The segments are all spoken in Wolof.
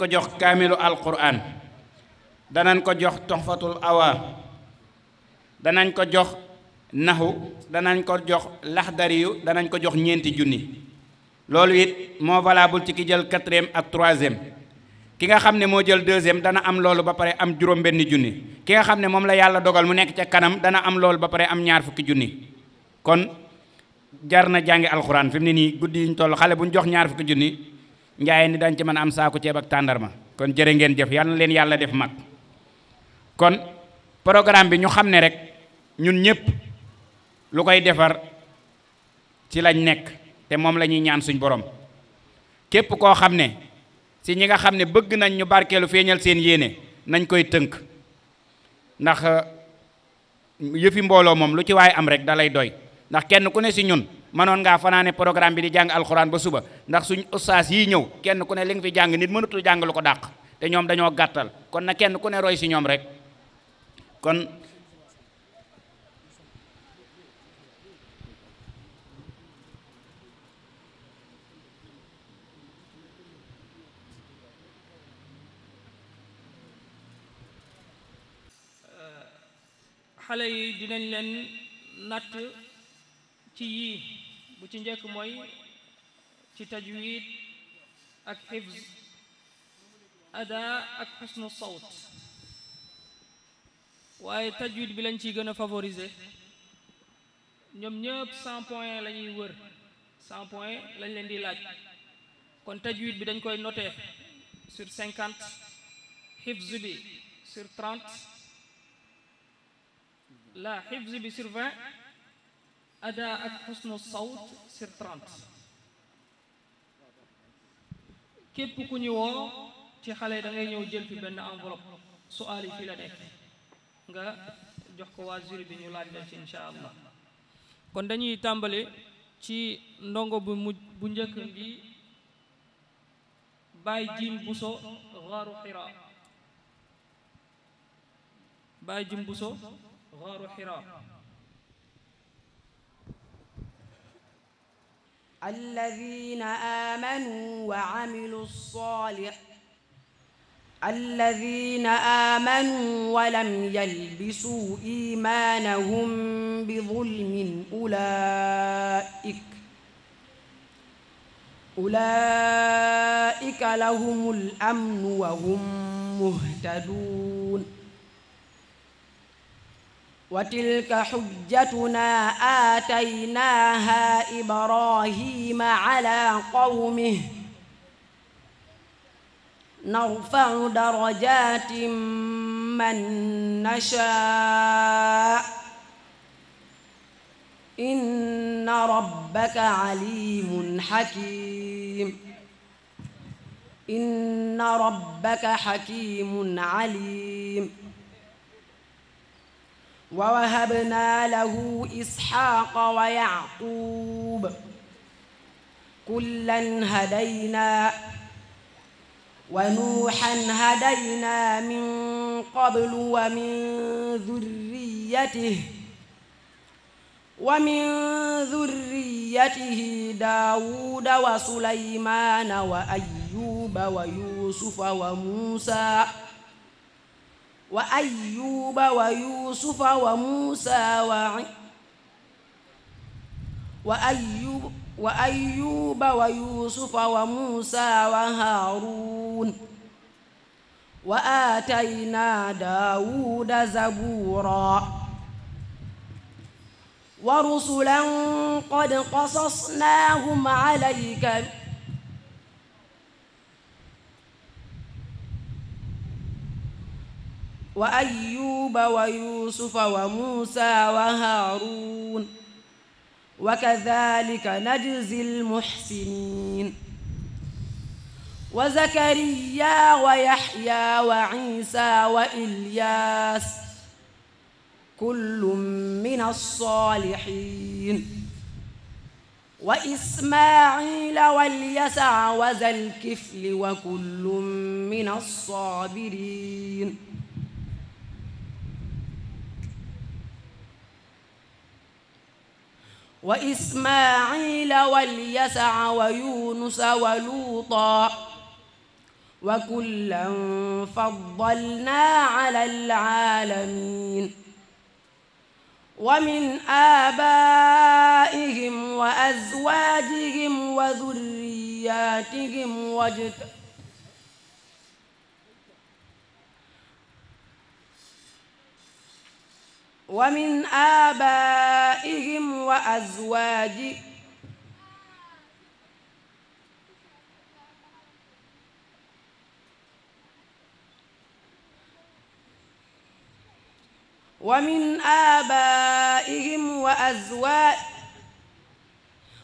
ko jox kaamilu alquran danañ ko jox toxfatul awa danañ ko jox naxu danañ ko jox laxdariyu danañ ko jox ñeenti junni loolu it moo valable ci ki jël quatrième ak troisième ki nga xam ne moo jël deuxième dana am loolu ba pare am juróom benn junni ki nga xam ne moom la yàlla dogal mu nekk ca kanam dana am loolu ba pare am ñaar fukki junni kon jar na jàngi alxuraan fi mu ne nii guddi yi ñu toll xale bu ñu jox ñaar fukki junni njaay ni dañ ci mën a am saako ceeb ak tàndarma kon jëre ngeen jëf yal na leen yàlla def mag kon programme bi ñu xam ne rek ñun ñëpp lu koy defar ci lañ nekk te moom la ñuy ñaan suñ borom képp koo xam ne si ñi nga xam ne bëgg nañ ñu barkeelu feeñal seen yéene nañ koy tënk ndax yëfi mbooloo moom lu ci waaye am rek dalay doy ndax kenn ku ne si ñun manoon ngaa fanaane programme bi di jàng alxuraan ba suba ndax suñ ustaas yi ñëw kenn ku ne li nga fi jàng nit mënatul jàng lu ko dàq te ñoom dañoo gàttal kon na kenn ku ne roy si ñoom rek kon xale yi dinañ leen natt ci yii bu ci njëkk mooy ci tajwid ak xifz ada ak xusnu sawt waaye tajwid bi lañ ciy gën a favoriser ñoom ñëpp cent point la ñuy wër cent lañ leen di laaj kon tajwid bi dañ koy noter sur cinquante xifz bi sur trente la xifz bi Ada ak xusnu sawt sur 30 képp ku ñu woo ci xale yi da ñëw jël fi benn enveloppe suaal yi fi la nekk nga jox ko waa jury bi ñu laaj la ci incha allah kon dañuy tàmbali ci ndongo bu mujj bu njëkk bi Baye Jim Bousso xaaru xira الذين آمنوا وعملوا الصالح الذين آمنوا ولم يلبسوا إيمانهم بظلم أولئك أولئك لهم الأمن وهم مهتدون wa tilka xujjatuna aataynaaha ibrahima ala qawmih narfacu darajatin man nashaa inna rabbaka alimun xakim inna rabbaka xakimun alim ووهبنا له إسحاق ويعقوب كلا هدينا ونوحا هدينا من قبل ومن ذريته ومن ذريته داود وسليمان وأيوب ويوسف وموسى wa ayyuba wa yusufa wa musa wa wa ayyub wa ayyuba wa yusufa wa musa wa harun wa aatayna daawuda zabura wa rusulan qad qasasnaahum alayka wa ayyuba wa yuusufa wa muusa wa haaruun wa kadhalika najzi almuhsinin wa zakariya wa yaxya wa isa wa ilyaas kullun min alsalihin wa ismaila walyasa wa zalkifli wa kullun min alsabirin wa ismaila walyasaa wa yunusa wa luuta wa kullan faddalna ala alaalamin wa min aabaihim wa azwaajihim wa dhurriyatihim wajta ومن آبائهم وأزواجهم ومن آبائهم وأزواج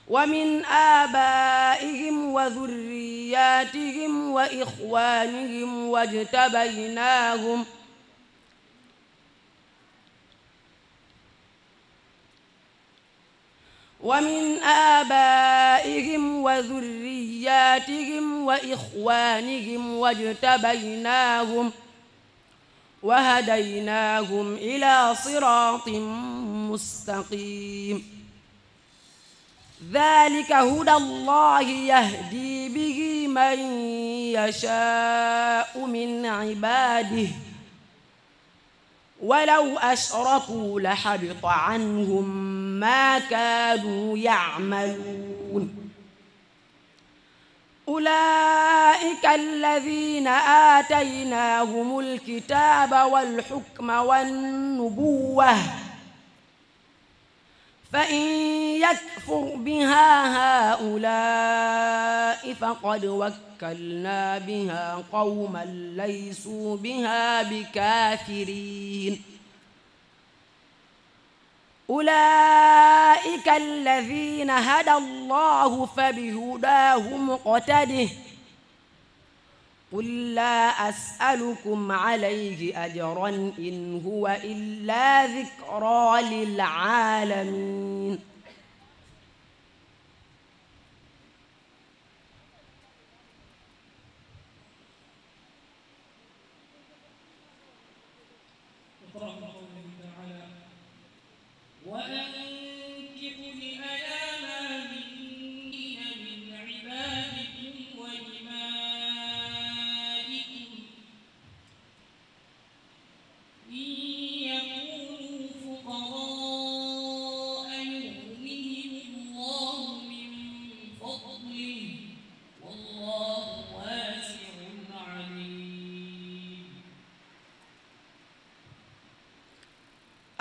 ومن آبائهم وذرياتهم وإخوانهم واجتبيناهم ۖ ومن آبائهم وذرياتهم وإخوانهم واجتبيناهم وهديناهم إلى صراط مستقيم ذلك هدى الله يهدي به من يشاء من عباده walaw ashraku la xabita anhum ma kaanu yacmaluun ulaika alladina aataynahum alkitaba walxukma wannubuwa فإن يكفر بها هؤلاء فقد وكلنا بها قوما ليسوا بها بكافرين أولئك الذين هدى الله فبهداه مقتده قل لا أسألكم عليه أجرا إن هو إلا ذكرى للعالمين وقرأ قوله تعالى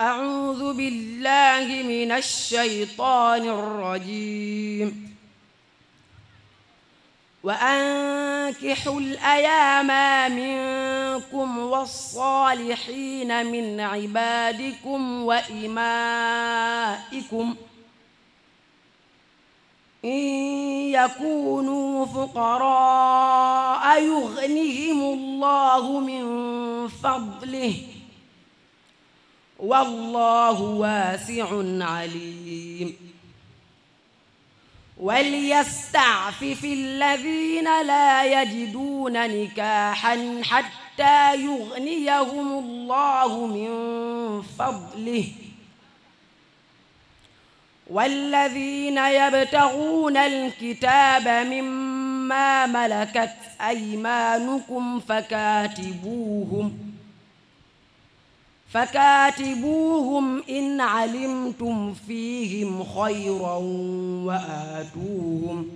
أعوذ بالله من الشيطان الرجيم وأنكحوا الأيام منكم والصالحين من عبادكم وإمائكم إن يكونوا فقراء يغنهم الله من فضله wallahu waasiun alim walyastaafifi alladina laa yajiduuna nikaaxan xatta yugniyahum allahu min fadlih walladina yabtaguuna alkitaaba mimma malakat aymaanukum fakatibuuhum فكاتبوهم إن علمتم فيهم خيرا وآتوهم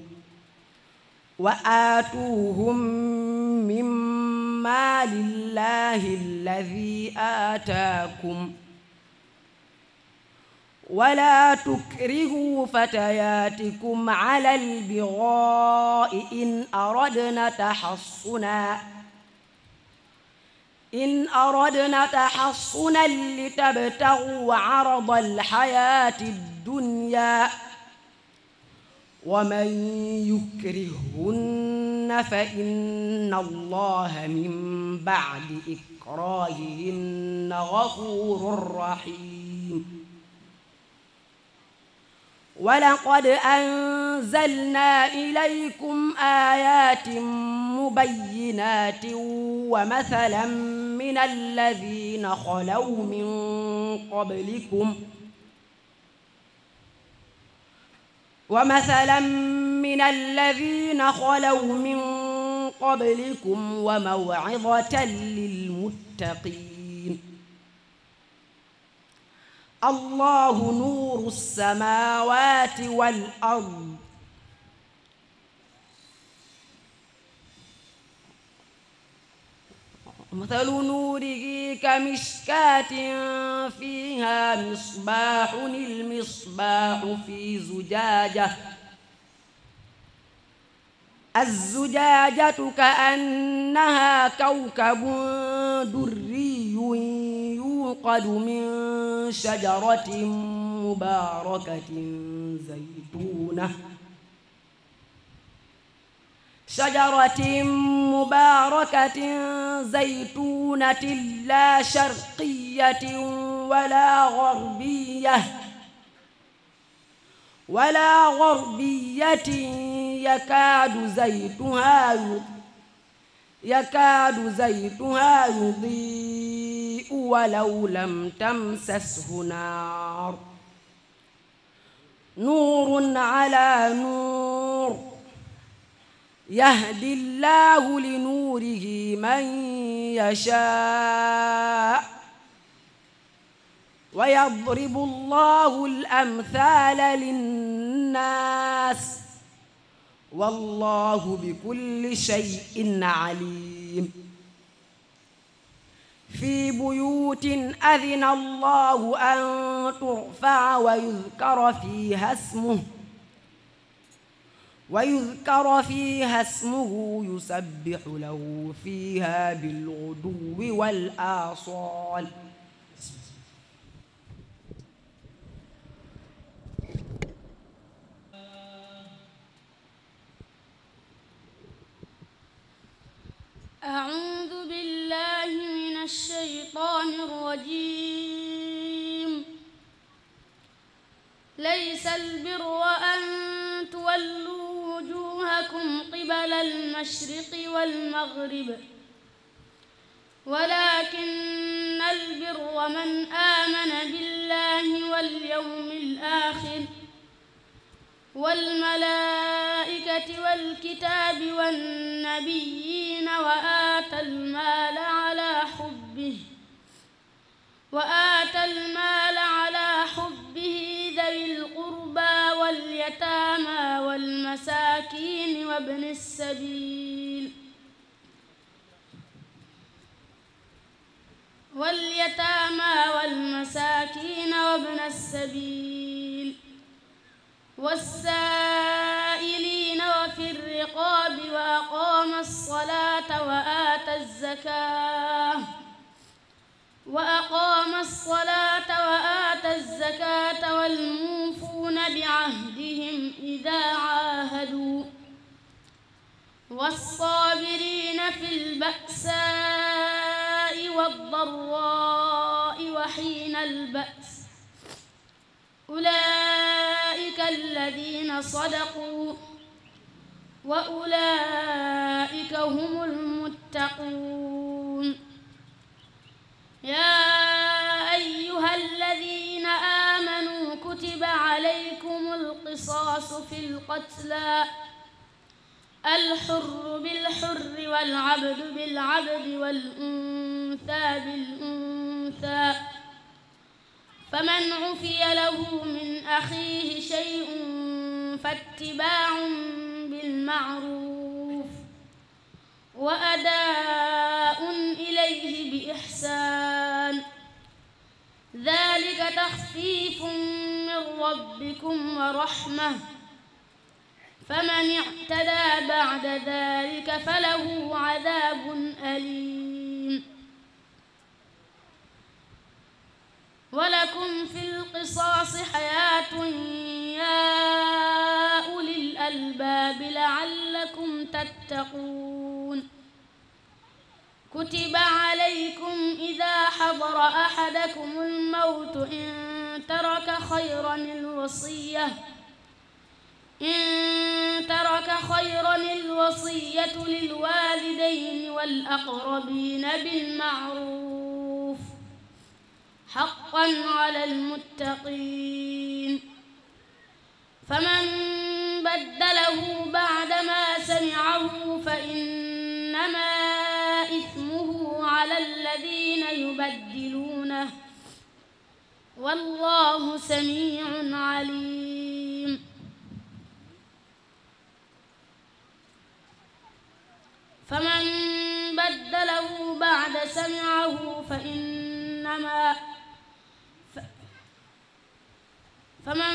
وآتوهم مما لله الذي آتاكم ولا تكرهوا فتياتكم على البغاء إن أردنا تحصناً إن أردنا تحصنا لتبتغوا عرض الحياة الدنيا ومن يكرهن فإن الله من بعد إكراههن غفور رحيم ولقد أنزلنا إليكم آيات مبينات ومثلا من الذين خلوا من قبلكم ومثلا من الذين خلوا من قبلكم وموعظة للمتقين allahu nuuru samaawaati wal ard mathalu nuurihi kamishkaatin fiihaa misbaaxun al-misbaaxu fii zujaaja az-zujaajatu ka-annahaa kawkabun durriyun يوقد من شجرة مباركة زيتونة شجرة مباركة زيتونة لا شرقية ولا غربية ولا غربية يكاد زيتها يكاد زيتها يضيء الشيء ولو لم تمسسه نار نور على نور يهدي الله لنوره من يشاء ويضرب الله الأمثال للناس والله بكل شيء عليم في بيوت أذن الله أن ترفع ويذكر فيها اسمه ويذكر فيها اسمه يسبح له فيها بالغدو والآصال أعوذ بالله من الشيطان الرجيم ليس البر أن تولوا وجوهكم قبل المشرق والمغرب ولكن البر من آمن بالله واليوم الآخر والملائكة والكتاب والنبيين وآتى المال على حبه وآتى المال على حبه ذوي القربى واليتامى والمساكين وابن السبيل واليتامى والمساكين وابن السبيل والسائلين وفي الرقاب وأقام الصلاة وآتى الزكاة وأقام الصلاة وآتى الزكاة والموفون بعهدهم إذا عاهدوا والصابرين في البأساء والضراء وحين البأس أولئك الذين صدقوا وأولئك هم المتقون يا أيها الذين آمنوا كتب عليكم القصاص في القتلى الحر بالحر والعبد بالعبد والأنثى بالأنثى فمن عفي له من أخيه شيء فاتباع بالمعروف وأداء إليه بإحسان ذلك تخفيف من ربكم ورحمة فمن اعتدى بعد ذلك فله عذاب أليم ولكم في القصاص حياة يا أولي الألباب لعلكم تتقون كتب عليكم إذا حضر أحدكم الموت إن ترك خيرا الوصية إن ترك خيرا الوصية للوالدين والأقربين بالمعروف حقا على المتقين فمن بدله بعدما سمعه فإنما إثمه على الذين يبدلونه والله سميع عليم فمن بدله بعد سمعه فإنما فمن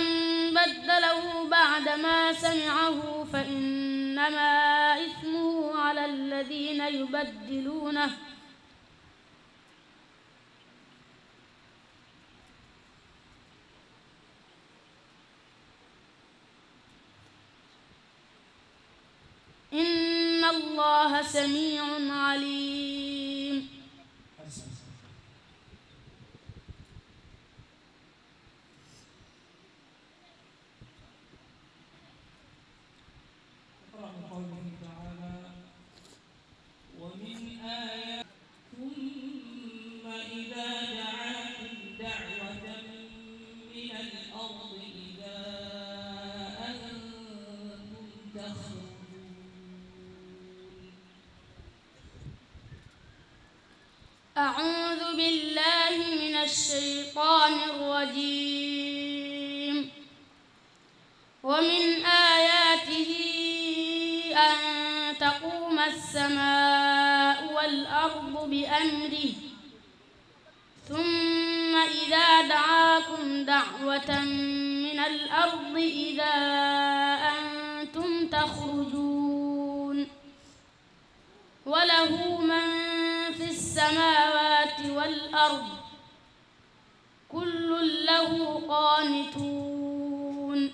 بدله بعدما سمعه فإنما إثمه على الذين يبدلونه إن الله سميع عليم أعوذ بالله من الشيطان الرجيم ومن آياته أن تقوم السماء والأرض بأمره ثم إذا دعاكم دعوة من الأرض إذا أنتم تخرجون وله من في السماوات والأرض كل له قانتون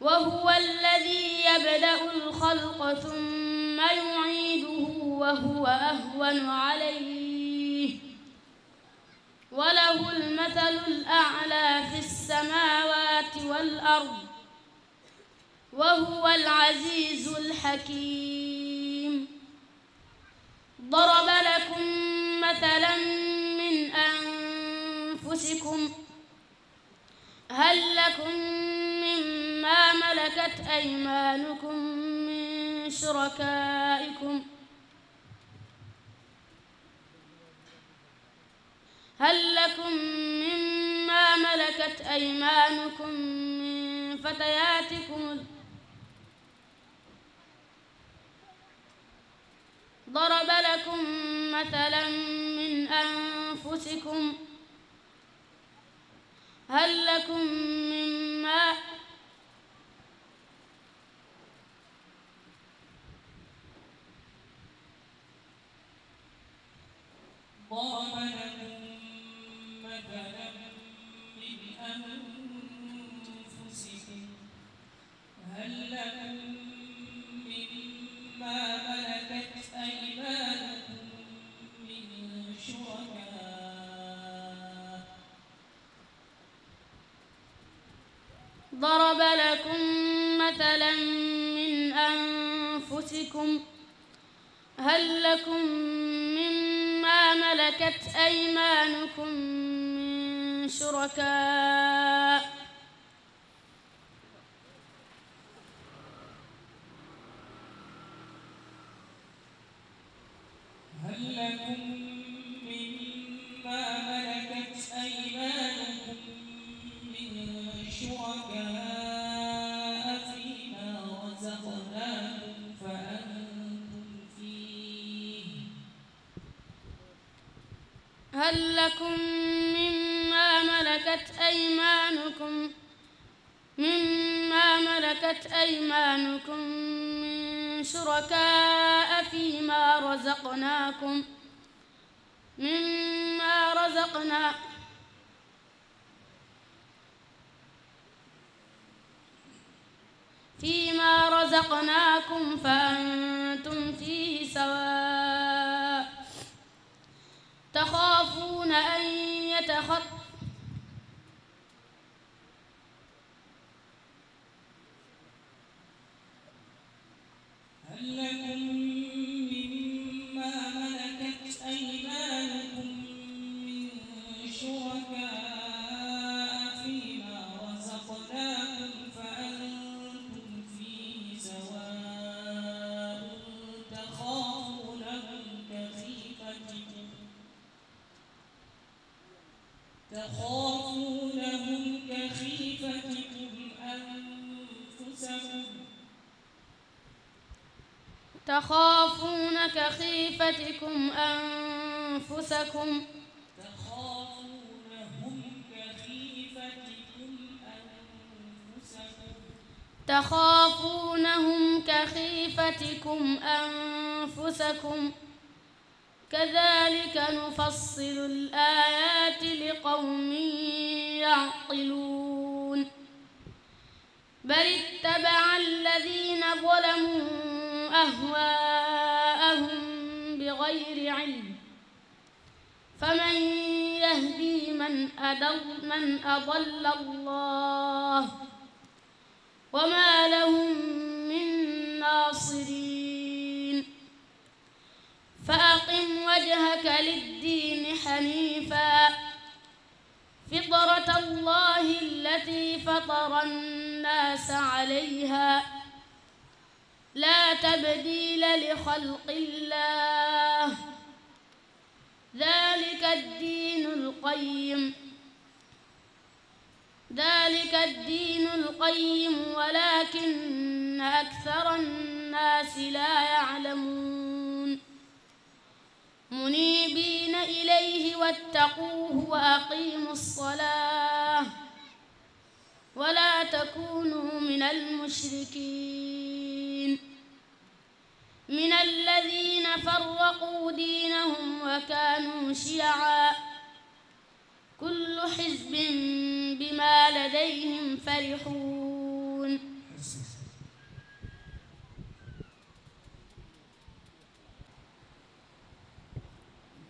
وهو الذي يبدأ الخلق ثم يعيده وهو أهون عليه وله المثل الأعلى في السماوات والأرض وهو العزيز الحكيم مثلا من أنفسكم هل لكم مما ملكت أيمانكم من شركائكم هل لكم مما ملكت أيمانكم من فتياتكم ضرب لكم مثلا من أنفسكم هل لكم مما ضرب لكم مثلا من أنفسكم هل لكم مما ضرب لكم مثلا من أنفسكم هل لكم مما ملكت أيمانكم من شركاء لكم مما ملكت أيمانكم مما ملكت أيمانكم من شركاء فيما رزقناكم مما رزقنا فيما رزقناكم فأنتم فيه سواء يخافون أن يتخط هل لكم تخافونهم كخيفتكم أنفسكم تخافون كخيفتكم أنفسكم تخافونهم كخيفتكم أنفسكم kadhalika nufassilu al-ayati liqawmin ya'qiluun bal ittaba'a alladhina zalamu ahwaa'ahum bighayri 'ilm faman yahdi man adalla Allah wa ma lahum fa aqim wajhaka liddiini xaniifa fitrata allahi allati fatara annaasa alayha laa tabdiila li xalqi llah dalika addiinu alqayyim dalika addiinu alqayyim walaakinna aktara annaasi laa yaclamuun منيبين إليه واتقوه وأقيموا الصلاة ولا تكونوا من المشركين من الذين فرقوا دينهم وكانوا شيعا كل حزب بما لديهم فرحون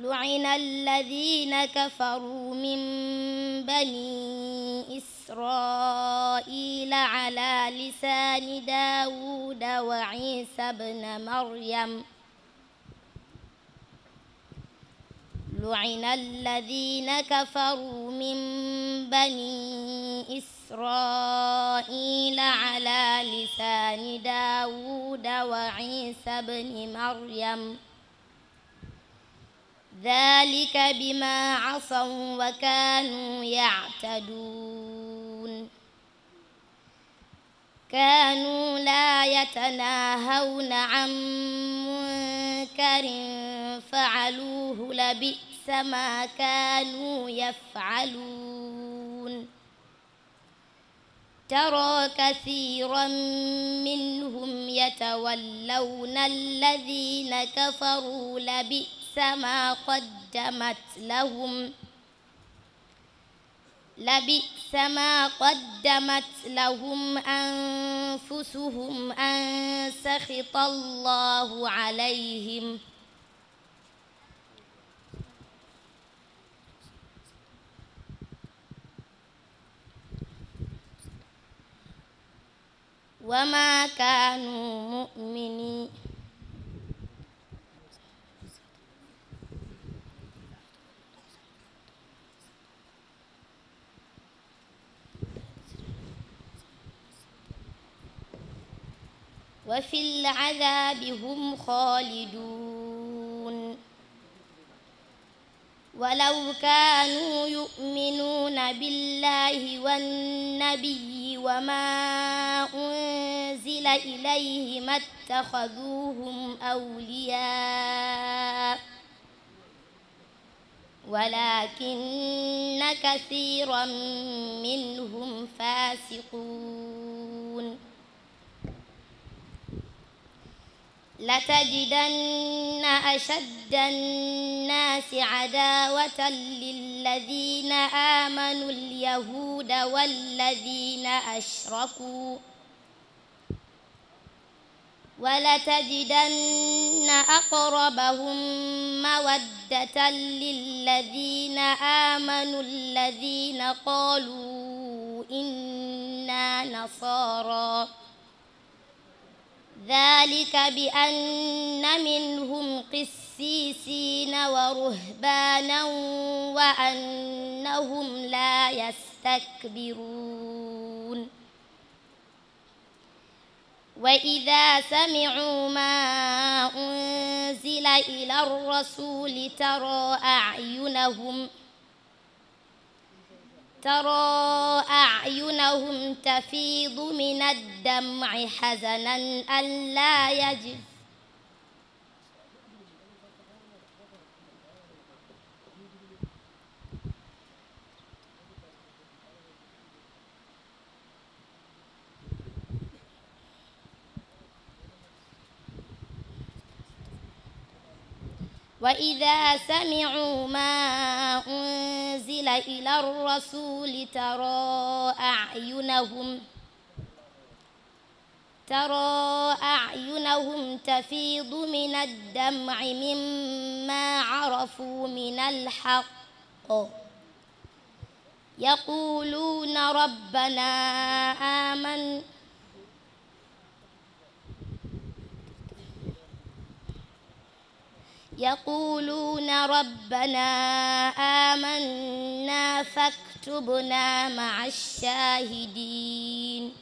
لعن الذين كفروا من بني إسرائيل على لسان داود وعيسى بن مريم لعن الذين كفروا من بني إسرائيل على لسان داود وعيسى بن مريم dalika bima asaw wa kaanu yactaduun kaanu laa yatanaahawna an munkarin facaluuhu labisa maa kaanu yafcaluun tara kasiiran minhum yatawallawna alladina kafaruu labisa ما قدمت لهم لبئس ما قدمت لهم أنفسهم أن سخط الله عليهم وما كانوا مؤمنين wa fil azaabi hum xaaliduun walaw kaanuu yu'minuuna billaahi wannabiyyi wa maa unzila ilayhi mattaxaduuhum awliyaa walaakinna kasiiran minhum faasiquun لتجدن أشد الناس عداوة للذين آمنوا اليهود والذين أشركوا ولتجدن أقربهم مودة للذين آمنوا الذين قالوا إنا نصارى ذلك بأن منهم قسيسين ورهبانا وأنهم لا يستكبرون وإذا سمعوا ما أنزل إلى الرسول ترى أعينهم ۖ ترى أعينهم تفيض من الدمع حزنا ألا يجد وإذا سمعوا ما أنزل إلى الرسول ترى أعينهم ترى أعينهم تفيض من الدمع مما عرفوا من الحق يقولون ربنا آمنا يقولون ربنا آمنا فاكتبنا مع الشاهدين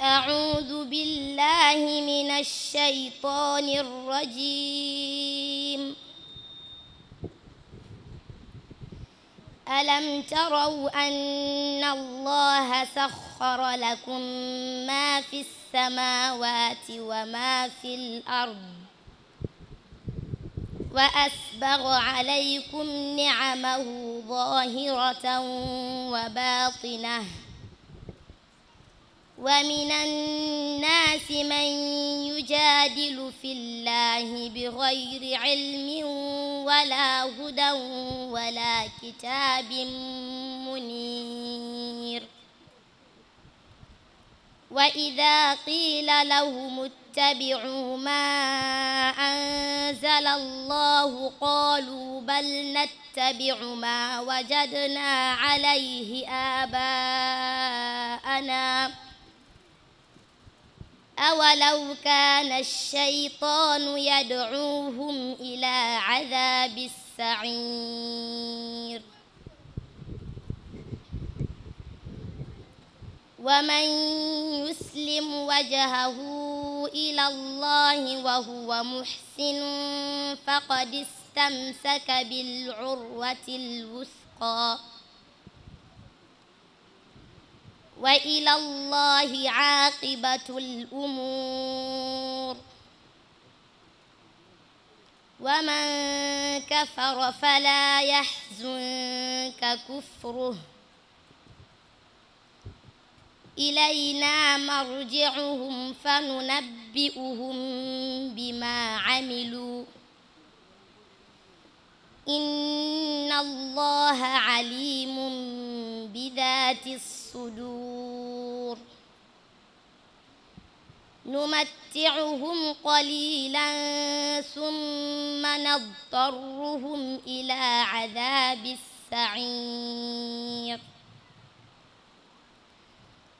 أعوذ بالله من الشيطان الرجيم ألم تروا أن الله سخر لكم ما في السماوات وما في الأرض وأسبغ عليكم نعمه ظاهرة وباطنة ومن الناس من يجادل في الله بغير علم ولا هدى ولا كتاب منير وإذا قيل لهم اتبعوا ما أنزل الله قالوا بل نتبع ما وجدنا عليه آباءنا أولو كان الشيطان يدعوهم إلى عذاب السعير ومن يسلم وجهه إلى الله وهو محسن فقد استمسك بالعروة الوثقى wa ila llahi aqibatul umur wa man kafara fala yahzunka kufruh ilayna marji'uhum fanunabbi'uhum bima 'amilu inna allaha 'alimun bi dhati الصدور نمتعهم قليلا ثم نضطرهم إلى عذاب السعير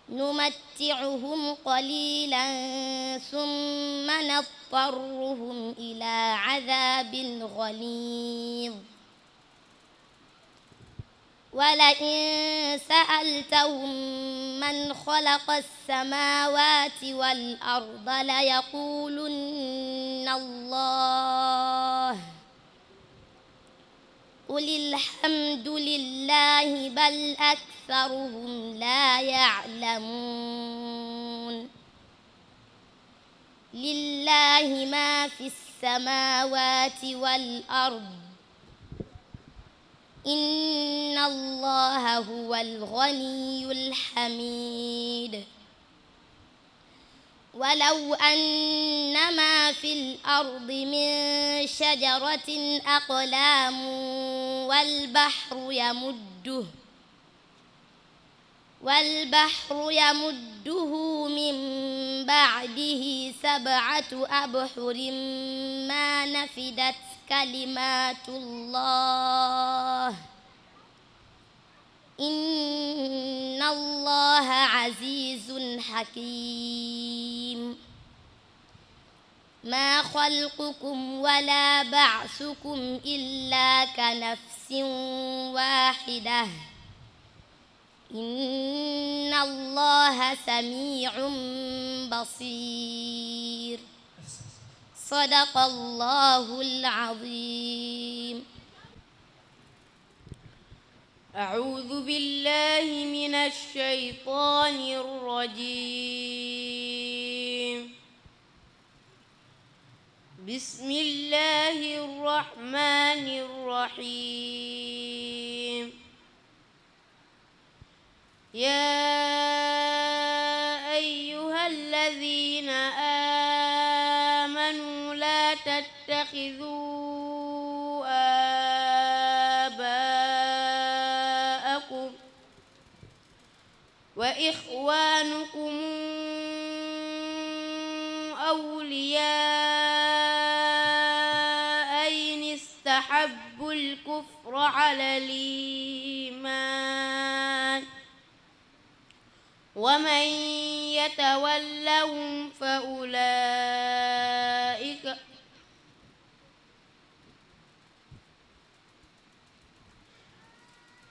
نمتعهم قليلا ثم نضطرهم إلى عذاب غليظ ولئن سألتهم من خلق السماوات والأرض ليقولن الله قل الحمد لله بل أكثرهم لا يعلمون لله ما في السماوات والأرض إن الله هو الغني الحميد ولو أن ما في الأرض من شجرة أقلام والبحر يمده والبحر يمده من بعده سبعة أبحر ما نفدت kalimaatullah inna allaha azizun hakim maa xalqukum wala ba'sukum illa ka nafsin waaxidah inna allaha samiicun basiir sadaqallaahul aziim أعوذ بالله من الشيطان الرجيم بسم الله الرحمن الرحيم يا أيها الذين آمنوا تتخذوا آباءكم وإخوانكم أولياء إن استحبوا الكفر على الإيمان ومن يتولهم فأولئك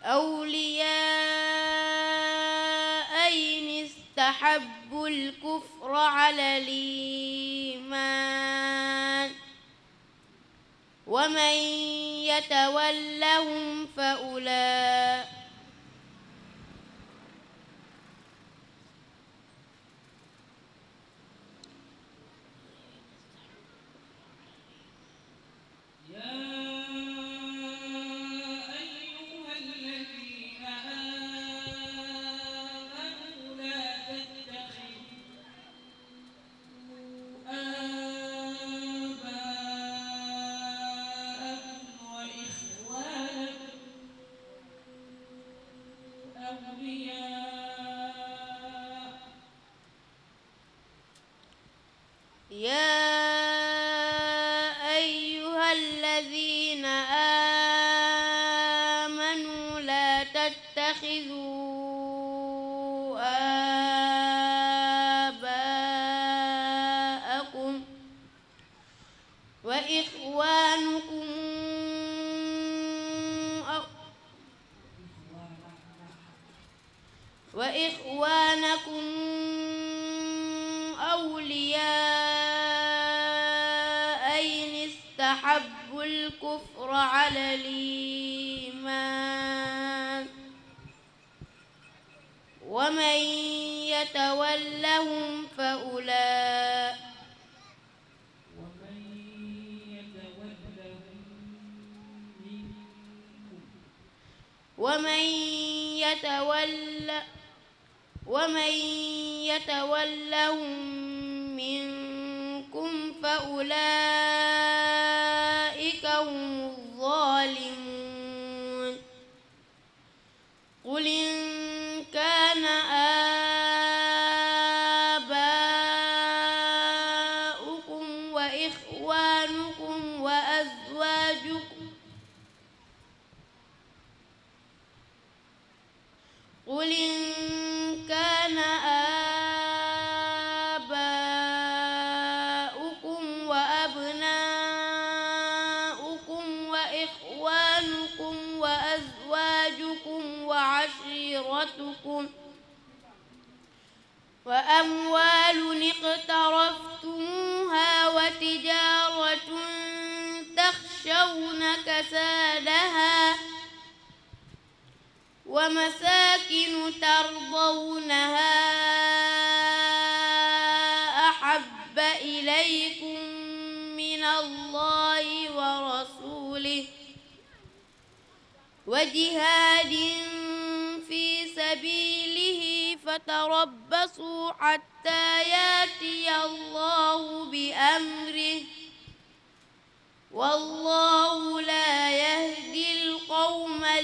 أولياء إن استحبوا الكفر على الإيمان ومن يتولهم فأولئك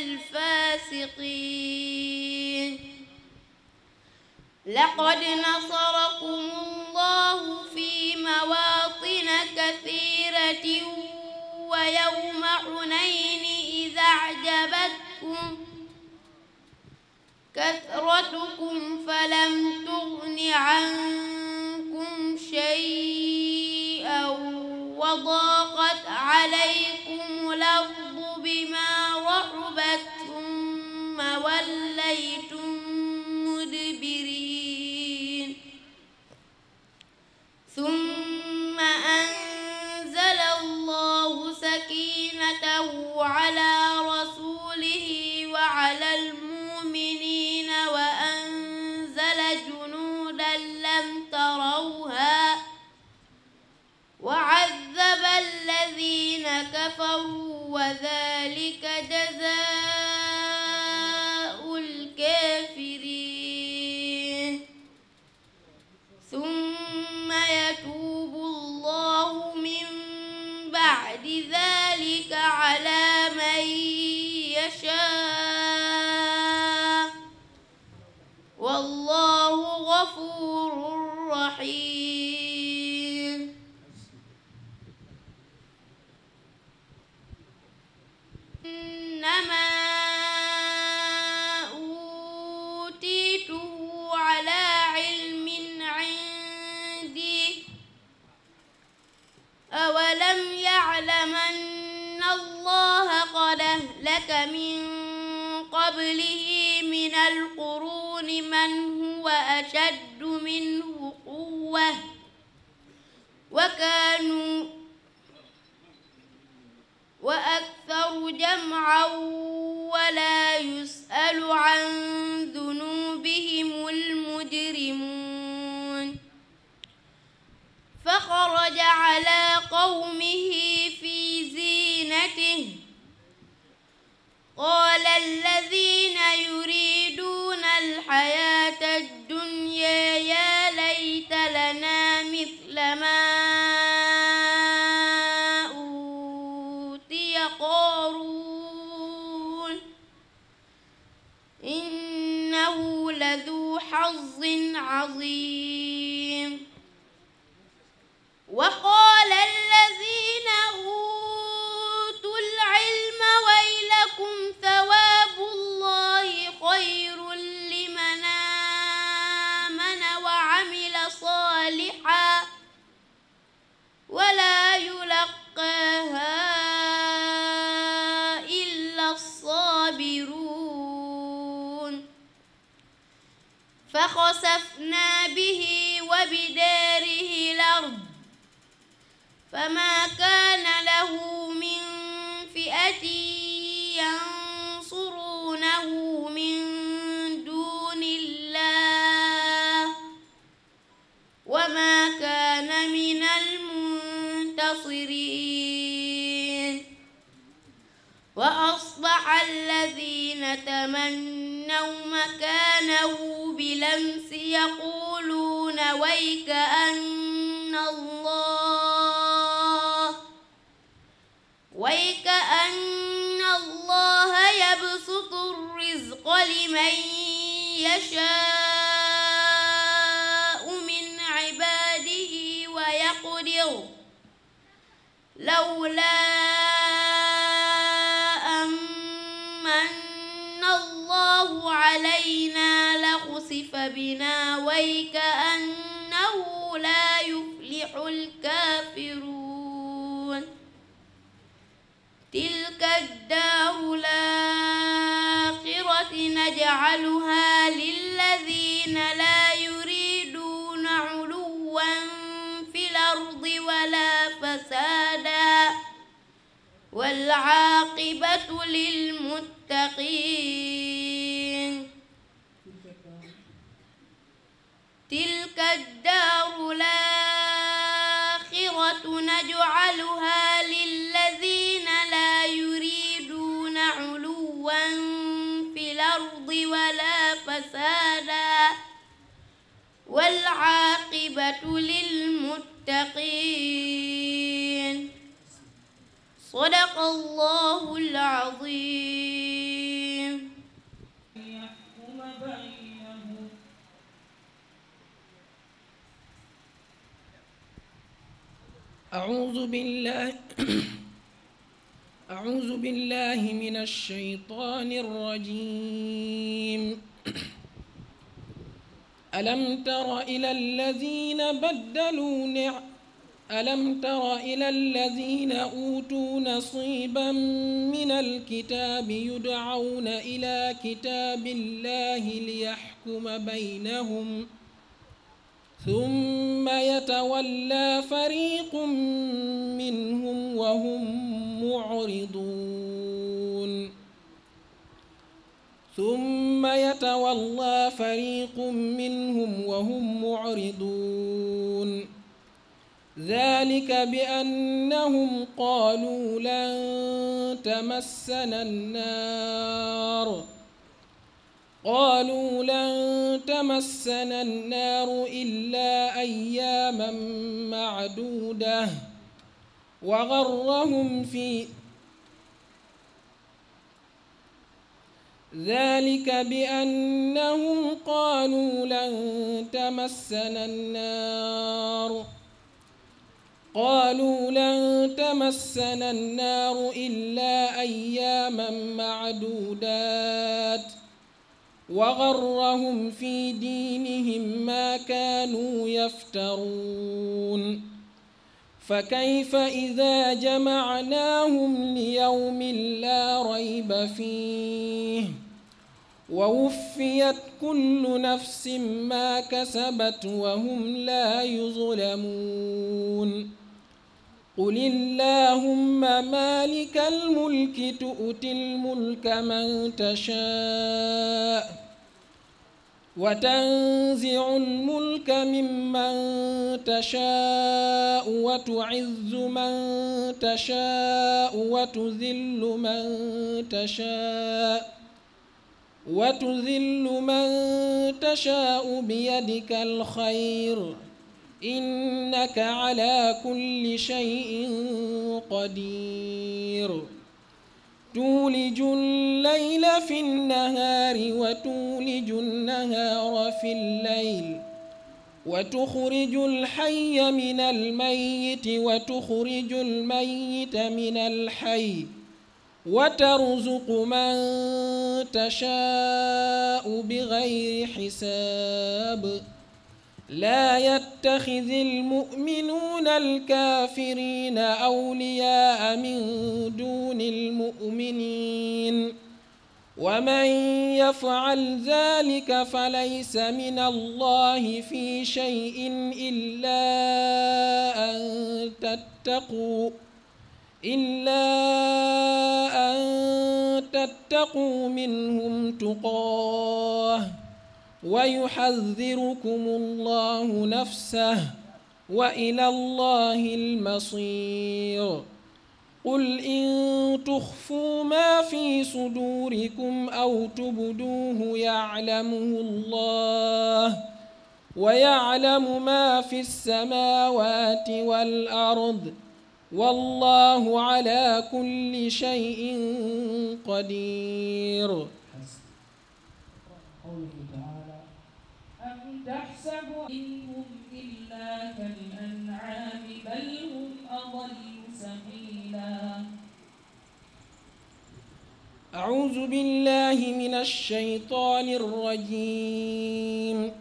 الفاسقين لقد نصركم الله في مواطن كثيرة ويوم حنين إذا أعجبتكم كثرتكم فلم تغن عنكم منه قوة وكانوا وأكثر جمعا ولا يسأل عن ذنوبهم المجرمون فخرج على قومه في زينته قال الذين يريدون الحياة عظيم وقال الذين أوتوا العلم ويلكم ثواب الله خير لمن آمن وعمل صالحا ولا يلقاها فخسفنا به وبداره الأرض فما كان له من فئة ينصرونه من دون الله وما كان من المنتصرين وأصبح الذين تمنوا أو مكانه بلمس يقولون ويك أن الله ويك أن الله يبسط الرزق لمن يشاء من عباده ويقدر لولا ربنا ويك أنه لا يفلح الكافرون تلك الدار الآخرة نجعلها للذين لا يريدون علوا في الأرض ولا فسادا والعاقبة للمتقين تلك الدار الآخرة نجعلها للذين لا يريدون علوا في الأرض ولا فسادا والعاقبة للمتقين صدق الله العظيم أعوذ بالله أعوذ بالله من الشيطان الرجيم ألم تر إلى الذين بدلوا نعم ألم تر إلى الذين أوتوا نصيبا من الكتاب يدعون إلى كتاب الله ليحكم بينهم ۖ ثم يتولى فريق منهم وهم معرضون ثم يتولى فريق منهم وهم معرضون ذلك بأنهم قالوا لن تمسنا النار قالوا لن تمسنا النار إلا أياما معدودة وغرهم في ذلك بأنهم قالوا لن تمسنا النار قالوا لن تمسنا النار إلا أياما معدودات ۖ وغرهم في دينهم ما كانوا يفترون فكيف إذا جمعناهم ليوم لا ريب فيه ووفيت كل نفس ما كسبت وهم لا يظلمون قل اللهم مالك الملك تؤتي الملك من تشاء وتنزع الملك ممن تشاء وتعز من تشاء وتذل من تشاء وتذل من تشاء بيدك الخير إنك على كل شيء قدير تولج الليل في النهار وتولج النهار في الليل وتخرج الحي من الميت وتخرج الميت من الحي وترزق من تشاء بغير حساب لا يتخذ المؤمنون الكافرين أولياء من دون المؤمنين ومن يفعل ذلك فليس من الله في شيء إلا أن تتقوا إلا أن تتقوا منهم تقاه ويحذركم الله نفسه وإلى الله المصير قل إن تخفوا ما في صدوركم أو تبدوه يعلمه الله ويعلم ما في السماوات والأرض والله على كل شيء قدير أعوذ بالله من الشيطان الرجيم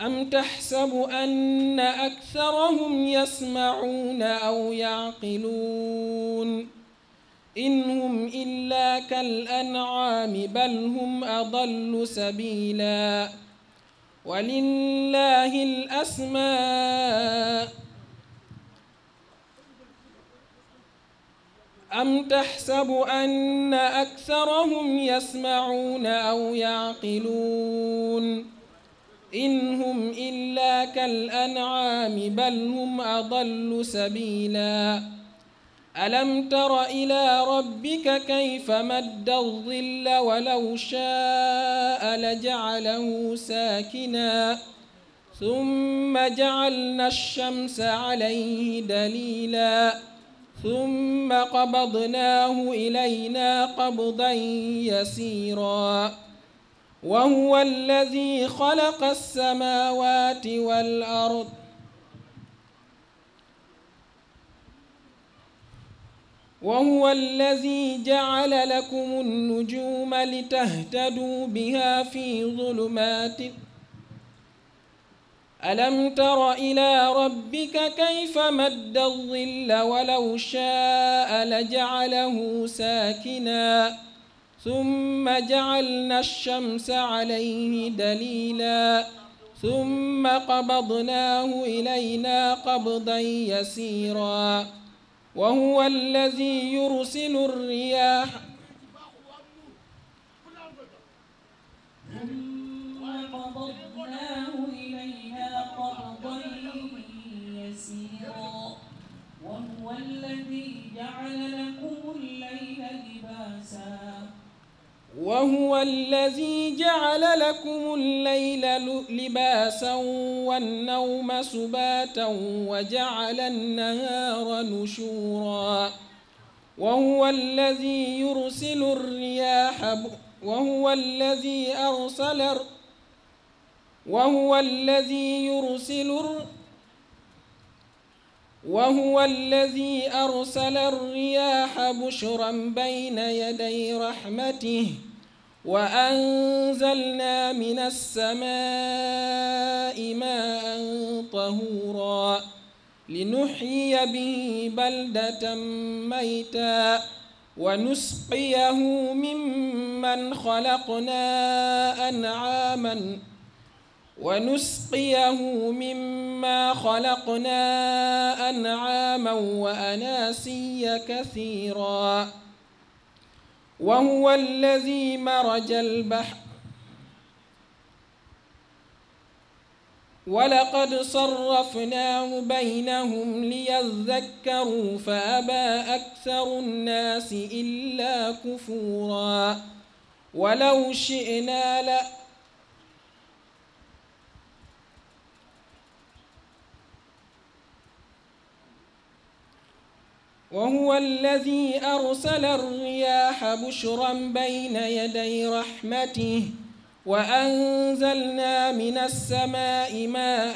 أم تحسب أن أكثرهم يسمعون أو يعقلون إن هم إلا كالأنعام بل هم أضل سبيلا ولله الأسماء أم تحسب أن أكثرهم يسمعون أو يعقلون إن هم إلا كالأنعام بل هم أضل سبيلا ألم تر إلى ربك كيف مد الظل ولو شاء لجعله ساكنا ثم جعلنا الشمس عليه دليلاً ثم قبضناه إلينا قبضا يسيرا وهو الذي خلق السماوات والأرض وهو الذي جعل لكم النجوم لتهتدوا بها في ظلمات الأرض ألم تر إلى ربك كيف مد الظل ولو شاء لجعله ساكنا ثم جعلنا الشمس عليه دليلا ثم قبضناه إلينا قبضا يسيرا وهو الذي يرسل الرياح ثم قبضناه بصيرا وهو الذي جعل لكم الليل لباسا وهو الذي جعل لكم الليل لباسا والنوم سباتا وجعل النهار نشورا وهو الذي يرسل الرياح وهو الذي أرسل وهو الذي يرسل وهو الذي أرسل الرياح بشرا بين يدي رحمته وأنزلنا من السماء ماء طهورا لنحيي به بلدة ميتا ونسقيه ممن خلقنا أنعاما ونسقيه مما خلقنا أنعاما وأناسيا كثيرا وهو الذي مرج البحر ولقد صرفناه بينهم ليذكروا فأبى أكثر الناس إلا كفورا ولو شئنا لأ وهو الذي أرسل الرياح بشرا بين يدي رحمته وأنزلنا من السماء ماء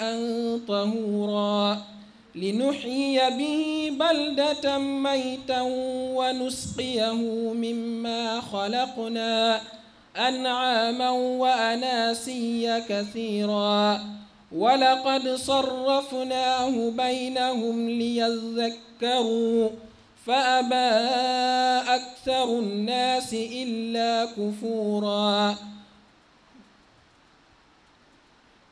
طهورا لنحيي به بلدة ميتا ونسقيه مما خلقنا أنعاما وأناسيا كثيرا ولقد صرفناه بينهم ليذكروا فأبى أكثر الناس إلا كفورا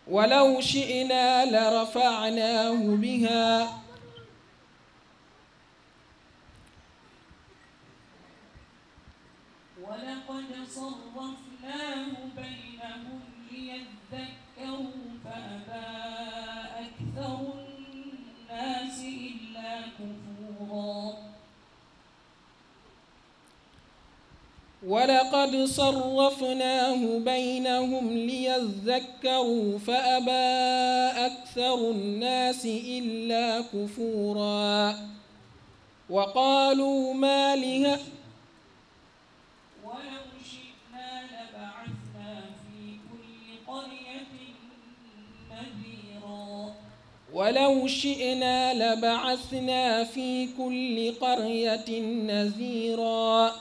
ولو شئنا لرفعناه بها ولقد صرفناه بينهم ليذكروا فأبى أكثر الناس إلا كفورا ولقد صرفناه بينهم ليذكروا فأبى أكثر الناس إلا كفورا وقالوا ما لها ولو شئنا لبعثنا في كل قرية نذيرا ولو شئنا لبعثنا في كل قرية نذيرا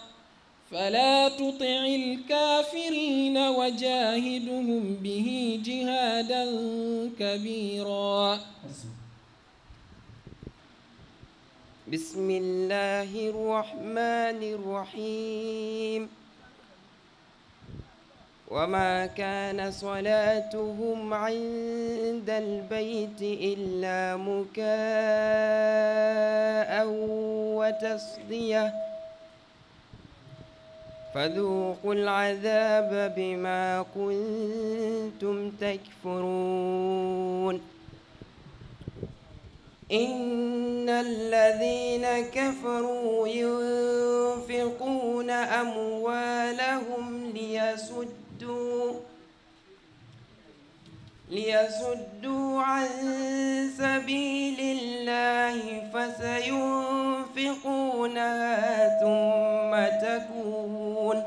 فلا تطع الكافرين وجاهدهم به جهادا كبيرا بسم الله الرحمن الرحيم وما كان صلاتهم عند البيت إلا مكاء وتصديه فذوقوا العذاب بما كنتم تكفرون إن الذين كفروا ينفقون أموالهم ليسدوا ليصدوا عن سبيل الله فسينفقونها ثم تكون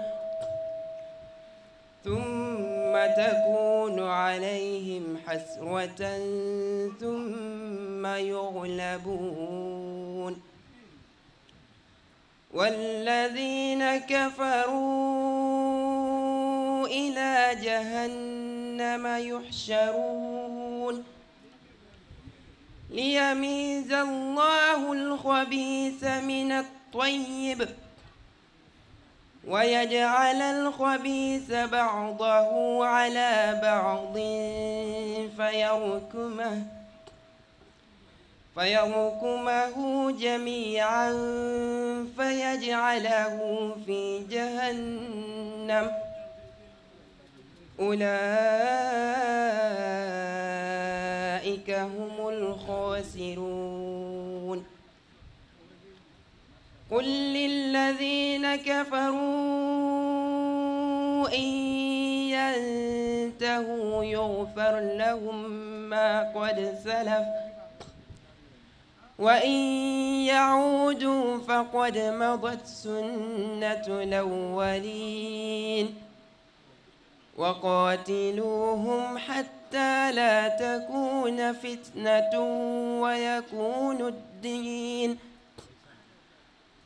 ثم تكون عليهم حسرة ثم يغلبون والذين كفروا إلى جهنم جهنم يحشرون ليميز الله الخبيث من الطيب ويجعل الخبيث بعضه على بعض فيركمه فيركمه جميعا فيجعله في جهنم أولئك هم الخاسرون قل للذين كفروا إن ينتهوا يغفر لهم ما قد سلف وإن يعودوا فقد مضت سنة الأولين وقاتلوهم حتى لا تكون فتنة ويكون الدين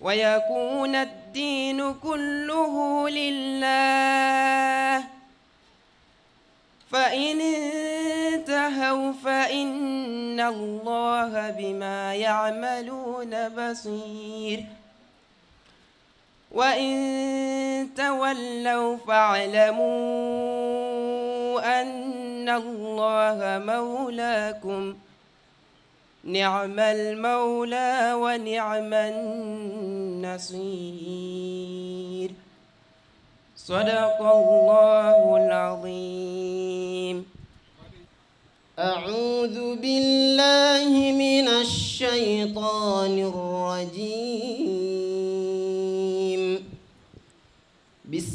ويكون الدين كله لله فإن انتهوا فإن الله بما يعملون بصير وإن تولوا فاعلموا أن الله مولاكم نعم المولى ونعم النصير صدق الله العظيم أعوذ بالله من الشيطان الرجيم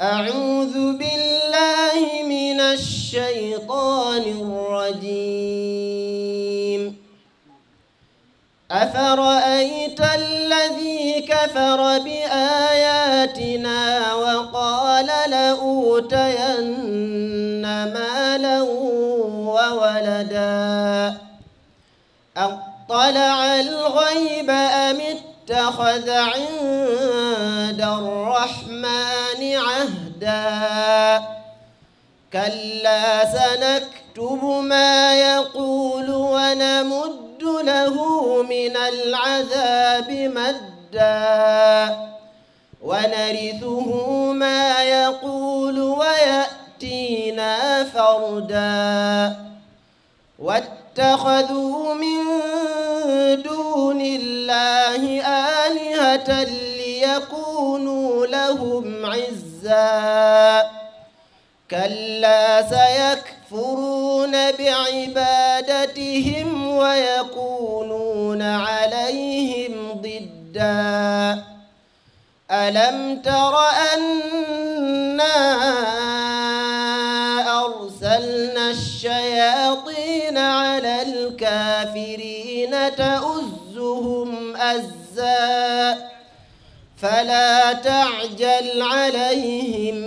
أعوذ بالله من الشيطان الرجيم أفرأيت الذي كفر بآياتنا وقال لأوتين مالا وولدا أطلع الغيب أم اتخذ عند الرحمن عهدا كلا سنكتب ما يقول ونمد له من العذاب مدا ونرثه ما يقول ويأتينا فردا اتخذوا من دون الله آلهة ليكونوا لهم عزا كلا سيكفرون بعبادتهم ويكونون عليهم ضدا ألم تر أنا الكافرين تؤزهم أزا فلا تعجل عليهم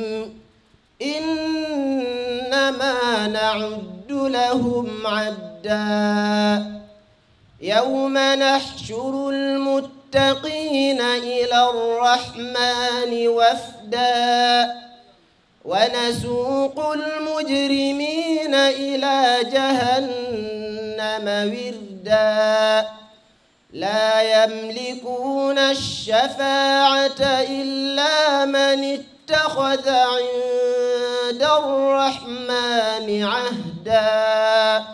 إنما نعد لهم عدا يوم نحشر المتقين إلى الرحمن وفداً ونسوق المجرمين إلى جهنم وردا لا يملكون الشفاعة إلا من اتخذ عند الرحمن عهدا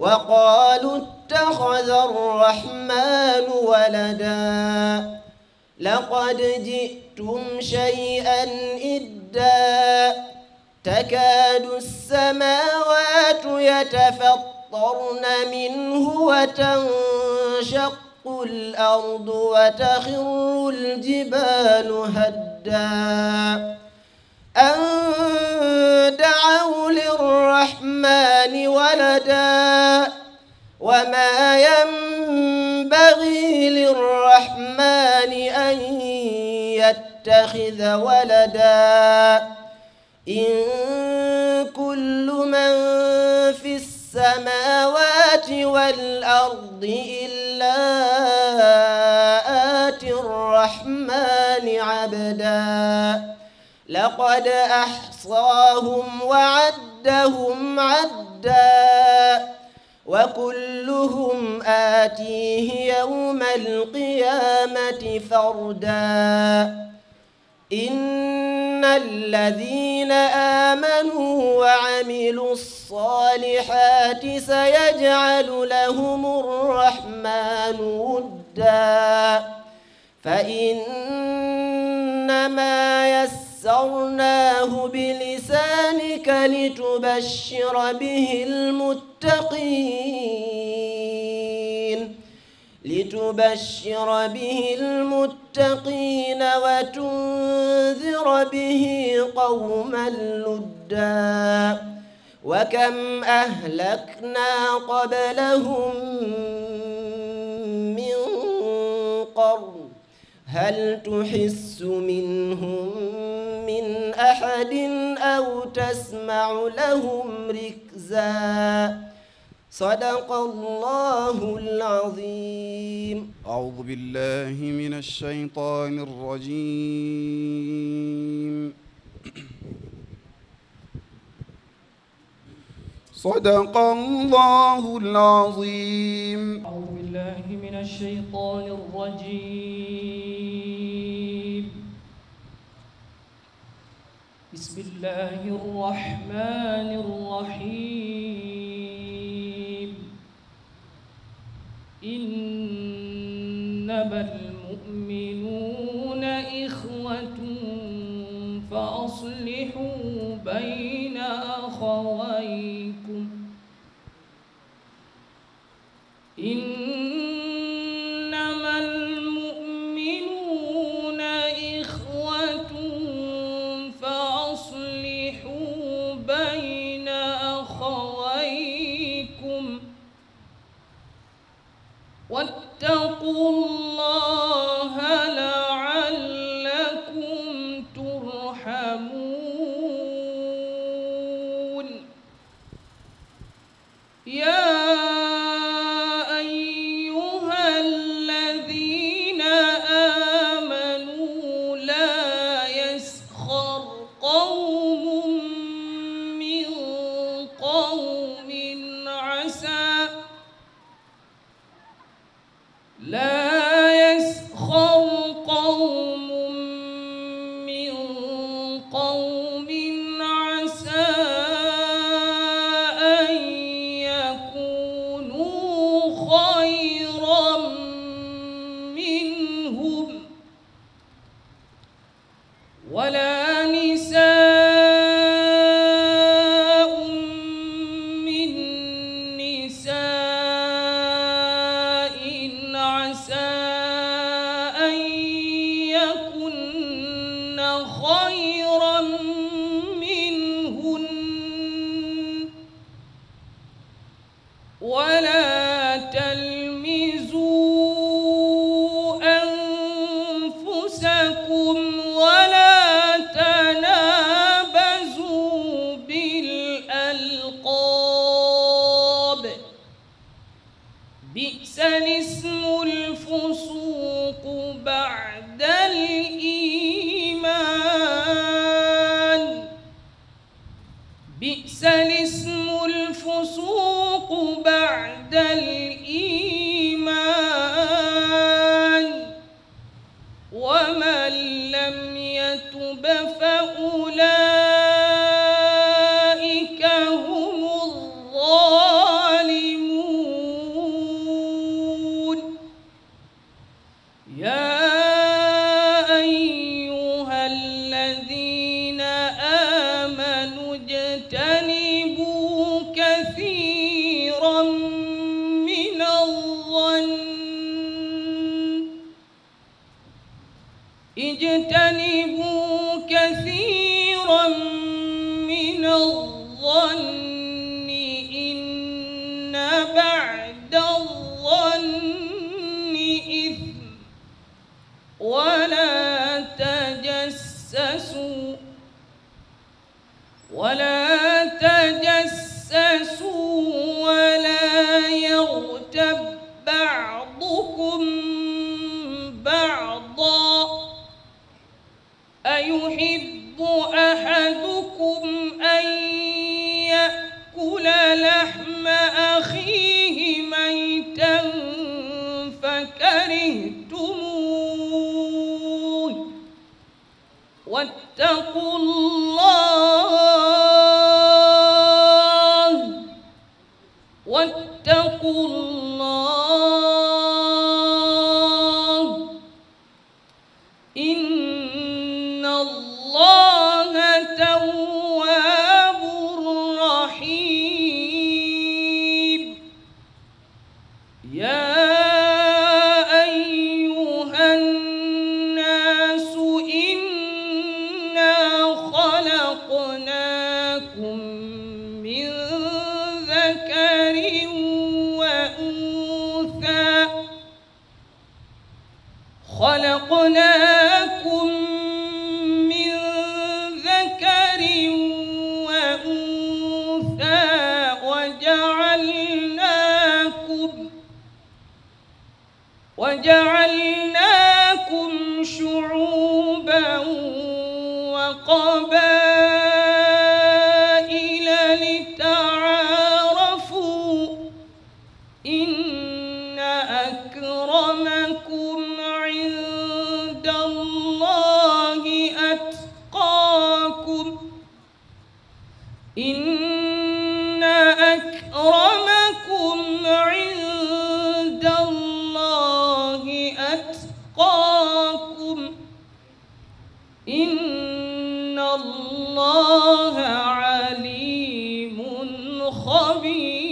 وقالوا اتخذ الرحمن ولدا لقد جئتم شيئا إدا تكاد السماوات يتفطرن منه وتنشق الأرض وتخر الجبال هدا أن دعوا للرحمن ولداً وما ينبغي للرحمن أن يتخذ ولدا إن كل من في السماوات والأرض إلا آتي الرحمن عبدا لقد أحصاهم وعدهم عدا وكلهم آتيه يوم القيامة فردا إن الذين آمنوا وعملوا الصالحات سيجعل لهم الرحمن ودا فإنما يس ويسرناه بلسانك لتبشر به المتقين لتبشر به المتقين وتنذر به قوما لدا وكم أهلكنا قبلهم من قرن هل تحس منهم من أحد أو تسمع لهم ركزا صدق الله العظيم أعوذ بالله من الشيطان الرجيم صدق الله العظيم أعوذ بالله من الشيطان الرجيم بسم الله الرحمن الرحيم إنما المؤمنون إخوة فأصلحوا بين أخويكم إنما المؤمنون إخوة فأصلحوا بين أخويكم واتقوا الله لعلكم خبير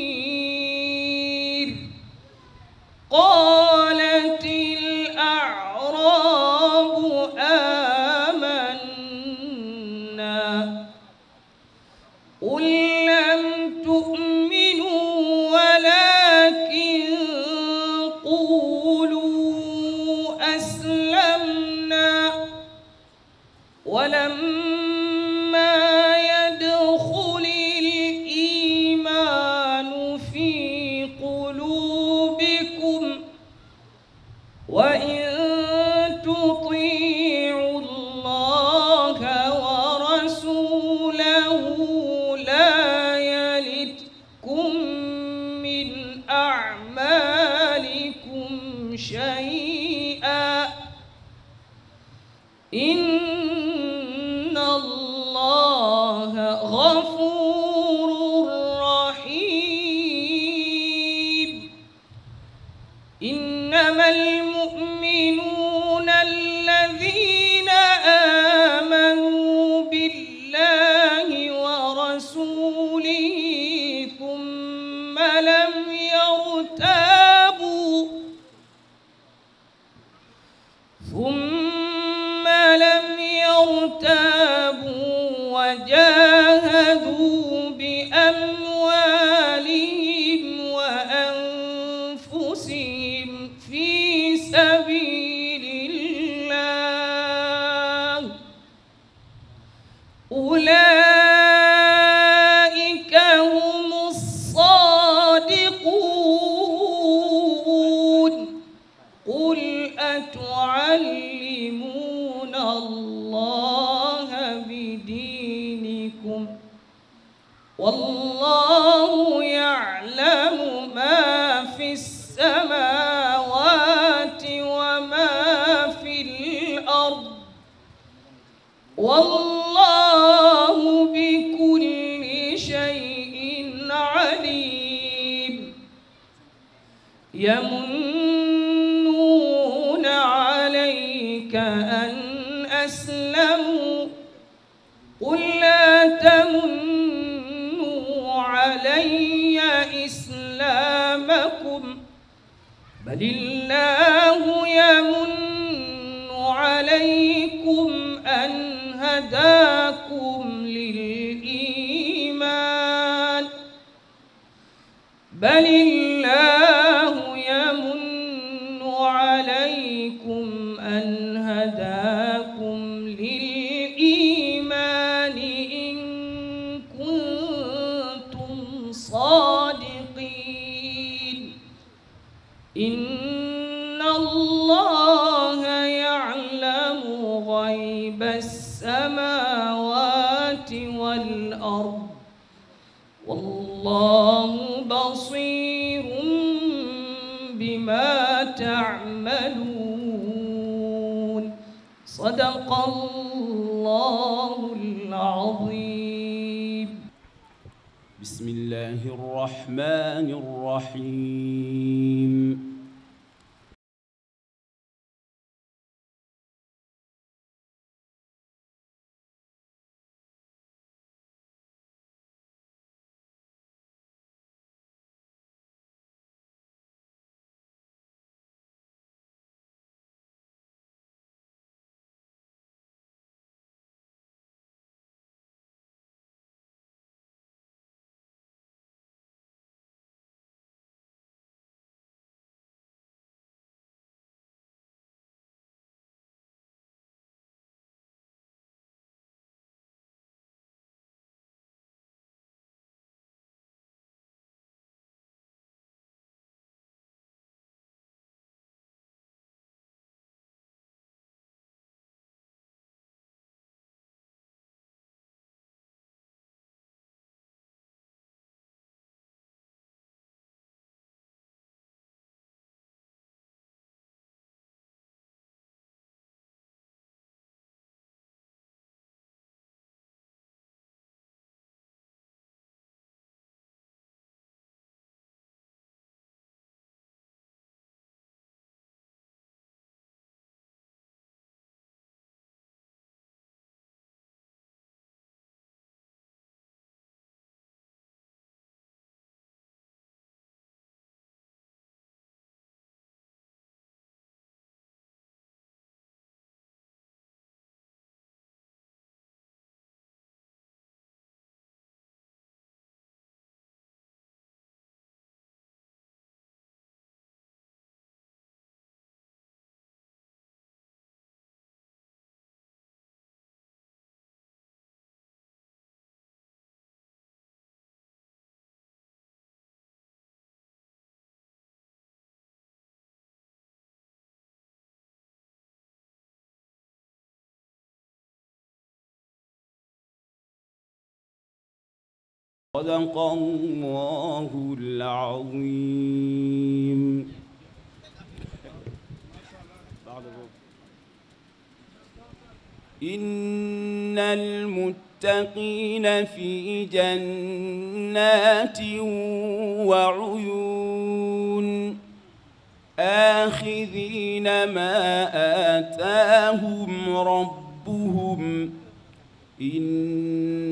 الرحمن الرحيم صدق الله العظيم إن المتقين في جنات وعيون آخذين ما آتاهم ربهم إن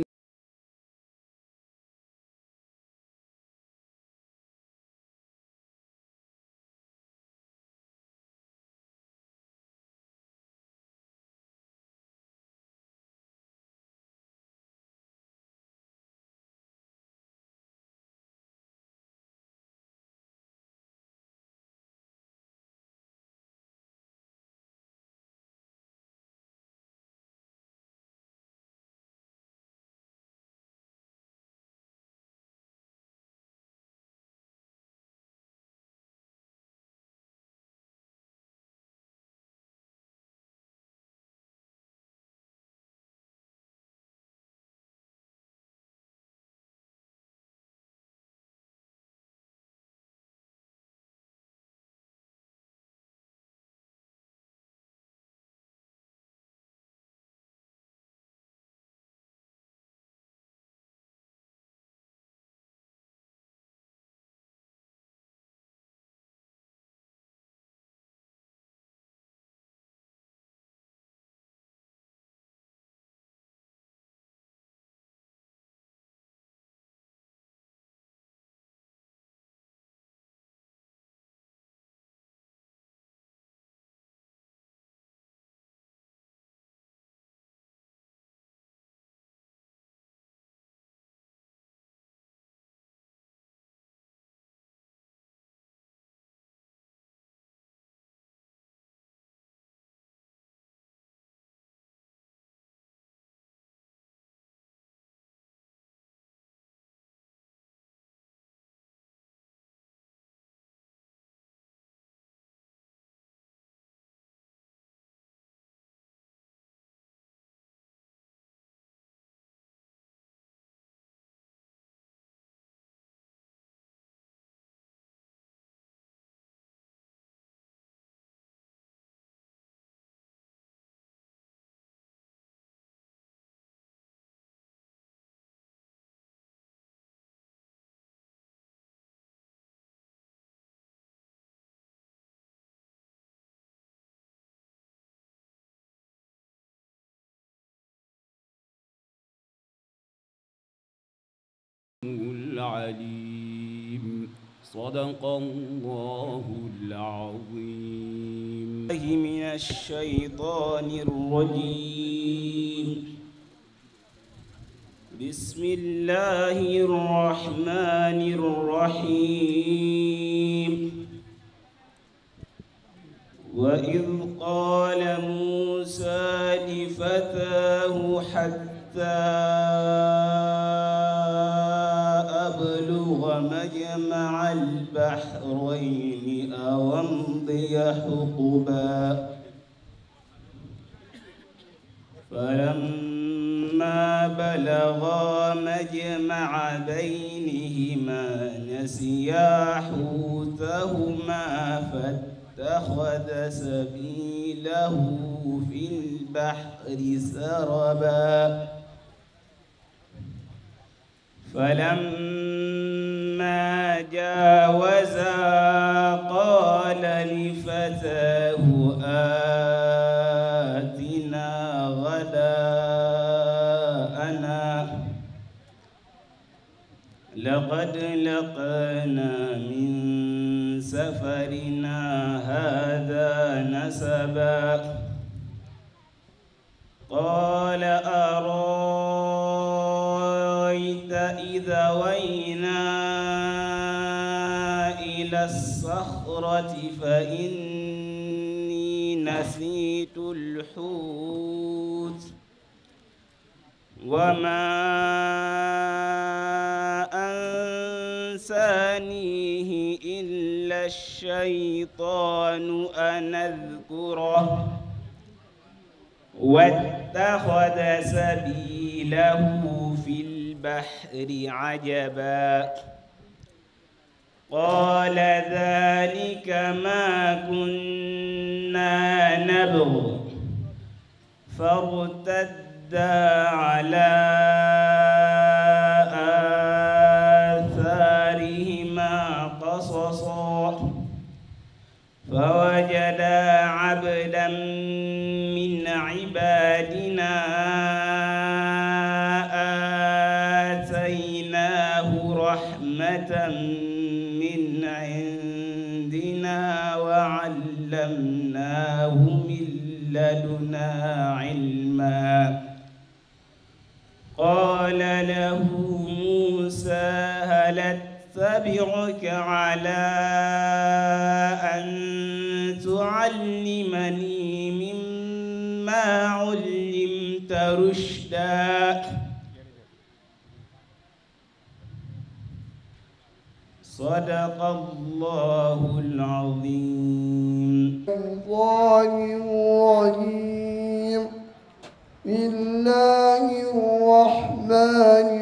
العليم صدق الله العظيم من الشيطان الرجيم بسم الله الرحمن الرحيم وإذ قال موسى لفتاه حتى البحرين أو امضي حقبا فلما بلغا مجمع بينهما نسيا حوتهما فاتخذ سبيله في البحر سربا فلما جاوزا قال لفتاه آتنا غداءنا لقد لقينا من سفرنا هذا نسبا قال أراد استوينا إلى الصخرة فإني نسيت الحوت وما أنسانيه إلا الشيطان أن أذكره واتخذ سبيله في البحر عجبا قال ذلك ما كنا نبغ فارتدا على من عندنا وعلمناه من لدنا علما قال له موسى هل اتبعك على أن تعلمني مما علمت رشدا sadaqallaahu al-aziim. bismillaahi rahmaani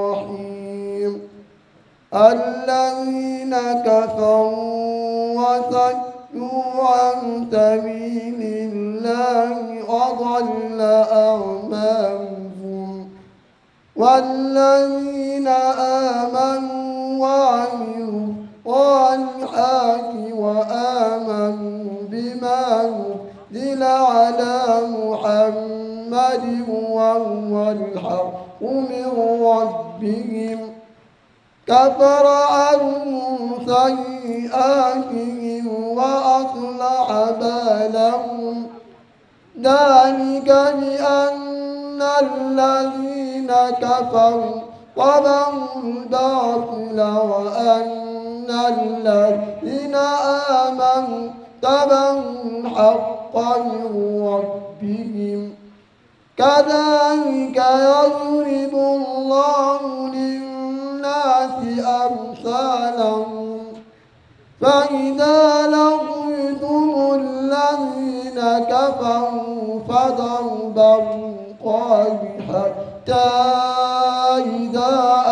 rahiim. allaziina kafaruu wa sadduu an sabiilillaahi adalla a'maalahum. walladiina aamanuu وعملوا الصالحات وآمنوا بما نزل على محمد وهو الحق من ربهم كفر عنهم سيئاتهم وأصلح بالهم ذلك بأن الذين كفروا ومن بطل وأن الذين آمنوا تبعوا حقا ربهم كذلك يضرب الله للناس أمثالهم فإذا لقيتم الذين كفروا فضرب الرقاب حتى إذا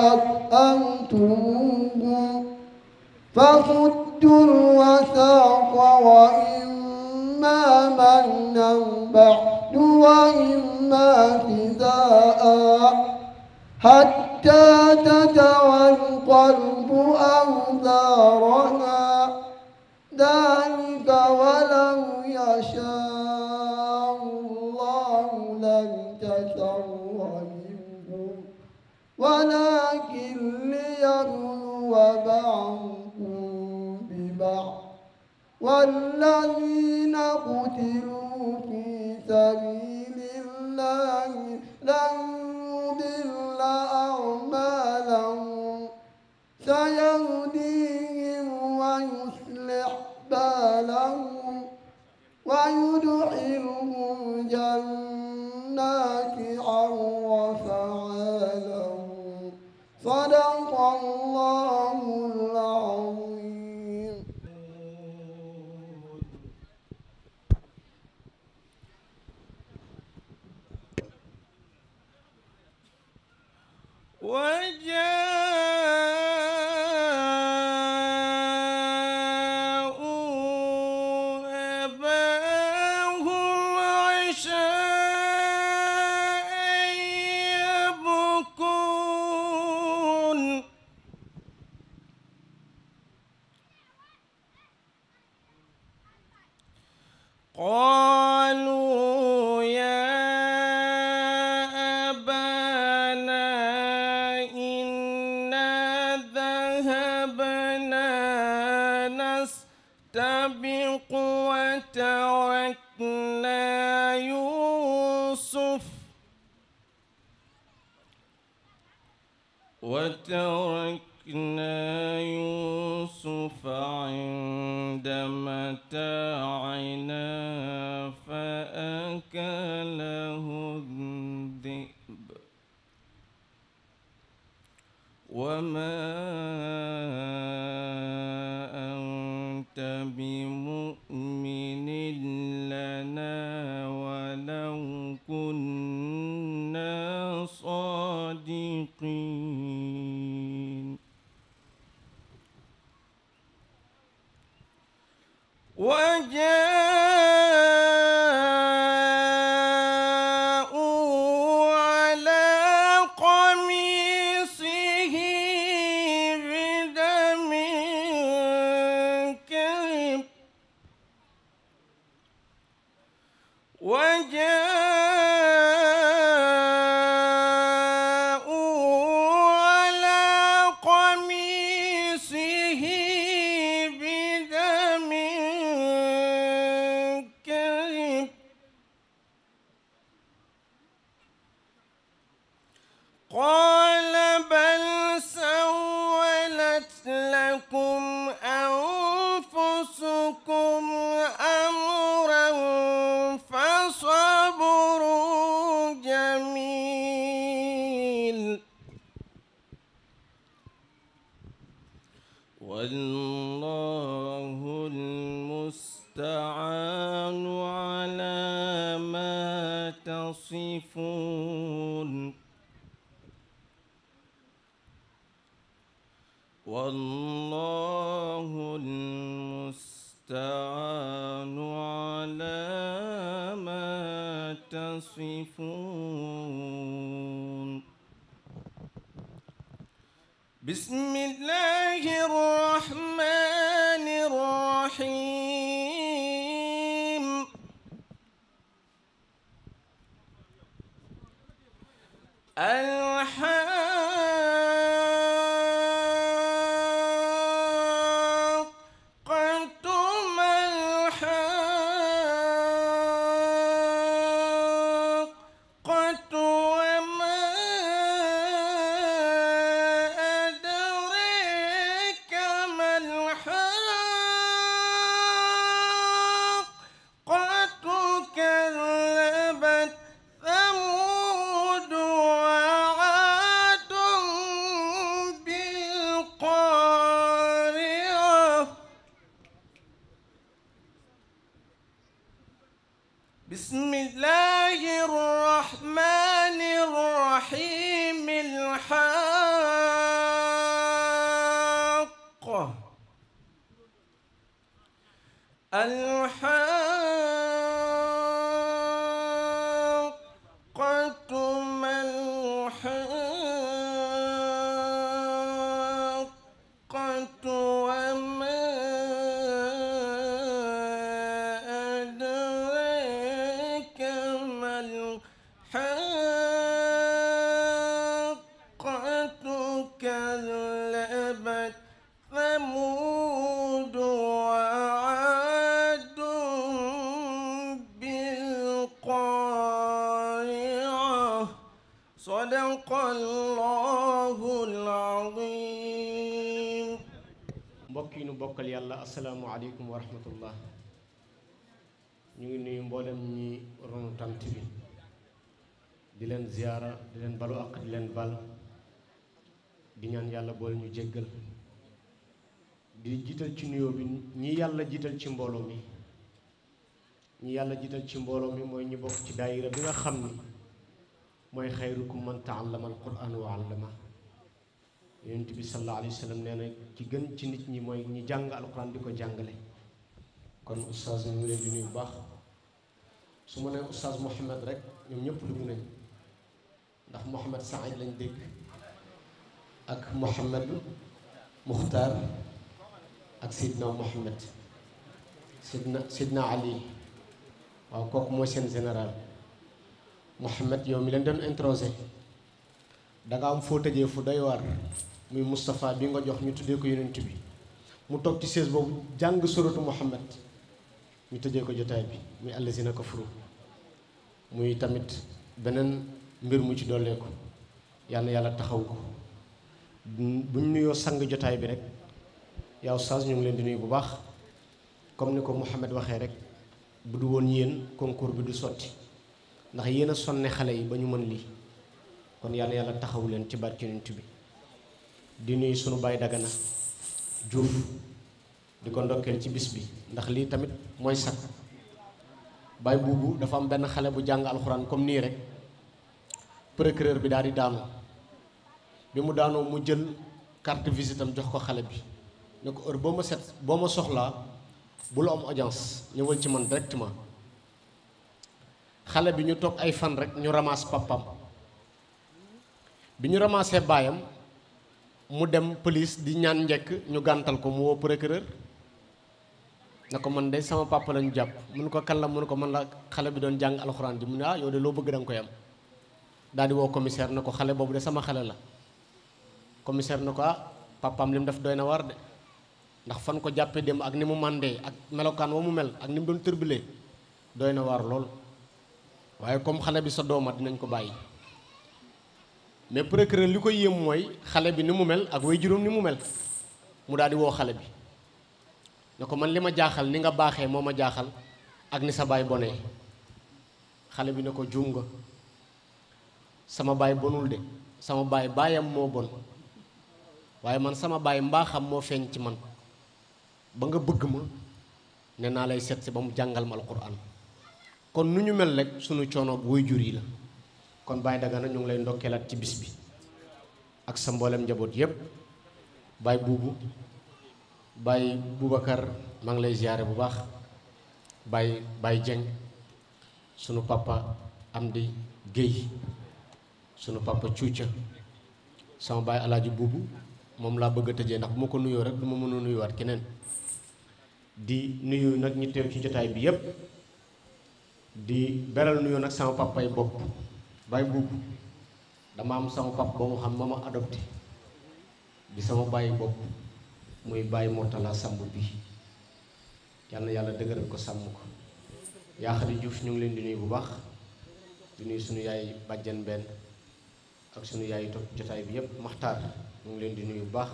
أكأمتموهم فصدوا الوثاق وإما منا بعد وإما فداء حتى تتوالق الأرض أوزارها ذلك ولو يشاء الله لانتصر منهم ولكن ليبلو بعضكم ببعض والذين قتلوا في سبيل الله لن يضل أعمالهم سيهديهم ويصلح بالهم ويدخلهم جنة jiital ci mbooloo mi ñi yàlla jiital ci mbooloo mi mooy ñu bokk ci daayira bi nga xam ni mooy xayrukum man taallama alquran wa allama yonent bi sallallahu alayhi wa sallam nee ci gën ci nit ñi mooy ñi jàng alquran di ko jàngale kon oustaz mu ngi leen bu baax su ma nee oustaz Mouhamed rek ñoom ñëpp dugg nañ ndax Mouhamed Saïd lañ dégg ak Mouhamed Muxtaar ak Seydina Mouhamed sidna sidna ali waaw kooku mooy seen général Mouhamed yow mi leen doon introsé danga am foo tëjee fu doy waar muy Moustapha bi nga jox ñu tuddee ko yonent bi mu toog ci sées boobu jàng suratu Mouhamed ñu tëjee ko jotaay bi muy allazina kafaru muy tamit beneen mbir mu ci dollee ko yal yàlla taxaw ko bu ñu nuyoo sang jotaay bi rek yow Saas ñu ngi leen di nuyu bu baax comme ni ko Mouhamed waxee rek bu du woon yéen concours bi du sotti ndax yéen a sonne xale yi ba ñu mën lii kon yàlla yàlla taxawu leen ci barke bi di nuyu sunu baay Dagana jur di ko ndokkeel ci bis bi ndax lii tamit mooy sakk baay buubu dafa am benn xale bu jàng alxuraan comme nii rek procureur bi daal di daanu bi mu daanoo mu jël carte visite am jox ko xale bi ne ko heure boo ma set boo ma soxlaa bu la am audience ci man directement xale bi ñu toog ay fan rek ñu ramasse papam bi ñu ramassé baayam mu dem police di ñaan njekk ñu gàntal ko mu woo procureur na ko man de sama papa lañu jàpp mun ko kan la mun ko man la xale bi doon jàng alxuraan ji mu ne ah yow de loo bëgg da nga koy am daal di woo commissaire na ko xale boobu de sama xale la commissaire na ko ah papaam li mu def doy na war de ndax fan ko jàppee dem ak ni mu màndee ak melokaan wa mu mel ak ni mu doon tërbilee dooy na waar lool waaye comme xale bi sa dooma dinañ ko bàyyi mais procureur li ko yéem mooy xale bi ni mu mel ak way juróom ni mu mel mu daal di woo xale bi ne ko man li ma jaaxal ni nga baaxee moo ma jaaxal ak ni sa baay bonee xale bi ne ko juum nga sama baay bonul de sama baay baayam moo bon waaye man sama baay mbaaxam moo feeñ ci man ba nga bëgg ma ne naa lay seet si ba mu jàngal ma alquran kon nu ñu mel rek sunu coonoog woy jur yi la kon Baye Dagana ñu ngi lay ndokkeelaat ci bis bi ak sa mbooleem njaboot yépp Baye Buubu Baye Boubacar maa ngi lay ziyaare bu baax Baye Baye Dieng sunu papa am di Guèye sunu papa Cuuca sama baay Alaaji Buubu moom laa bëgg a tëjee ndax bu ma ko nuyoo rek du ma mën a nuyuwaat keneen di nuyu nag ñu teew ci jotaay bi yépp di beral nuyu nag sama papay bopp bay buub dama am sama pap ba mu xam ma ma adopté di sama bàyyi bopp muy bàyyi Mortala Samb bi yal na yàlla dëgëral ko sàmm ko yaa xadi Juuf ñu ngi leen di nuyu bu baax di nuyu sunu yaay bàjjan benn ak sunu yaay topp jotaay bi yépp maxtaar ñu ngi leen di nuyu bu baax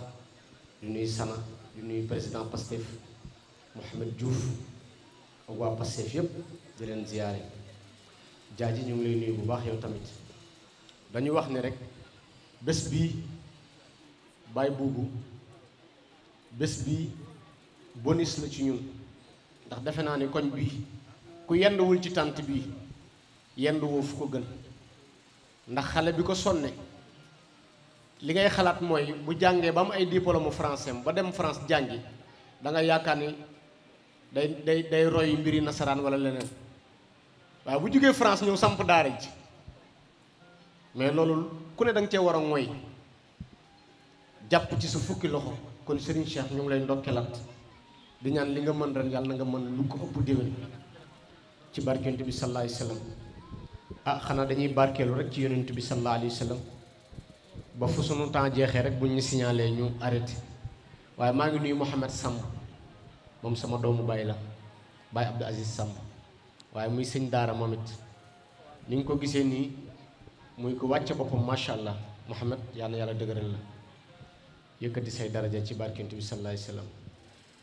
di nuyu Sana di nuyu président Pastef Mouhamed Diouf ak waa Pastef yëpp di leen ziyaare jaaji ñu ngi lay nuyu bu baax yow tamit dañu wax ni rek bés bii baay buubu bés bii bonus na ci ñun ndax defe naa ne koñ bii ku yenduwul ci tànt bii yenduwoo fu ko gën ndax xale bi ko sonne li ngay xalaat mooy bu jàngee ba am ay diplôme français ba dem France jàngi da yaakaar ni day day day roy yi nasaraan wala leneen waaw bu jógee France ñëw samp daara ji mais loolu ku ne da nga cee war a mooy jàpp ci su fukki loxo kon Serigne Cheikh ñu ngi lay ndokkeelat di ñaan li nga mën ren yàlla na nga mën lu ko ëpp déwén ci barkent bi sallallahu alayhi wa ah xanaa dañuy barkeelu rek ci yonent bi sallallahu alayhi wa sallam ba fu temps jeexee rek bu ñu signalé ñu arrêté waaye maa ngi nuyu Mouhamed Samb moom sama doomu baay la baay Abdou Aziz Samb waaye muy sëñ daara moom it ni nga ko gisee nii muy ko wàcce boppam macha allah Mouhamed yal na yàlla dëgëral la yëkkati say daraja ci barkent bi sallallahu alayhi wa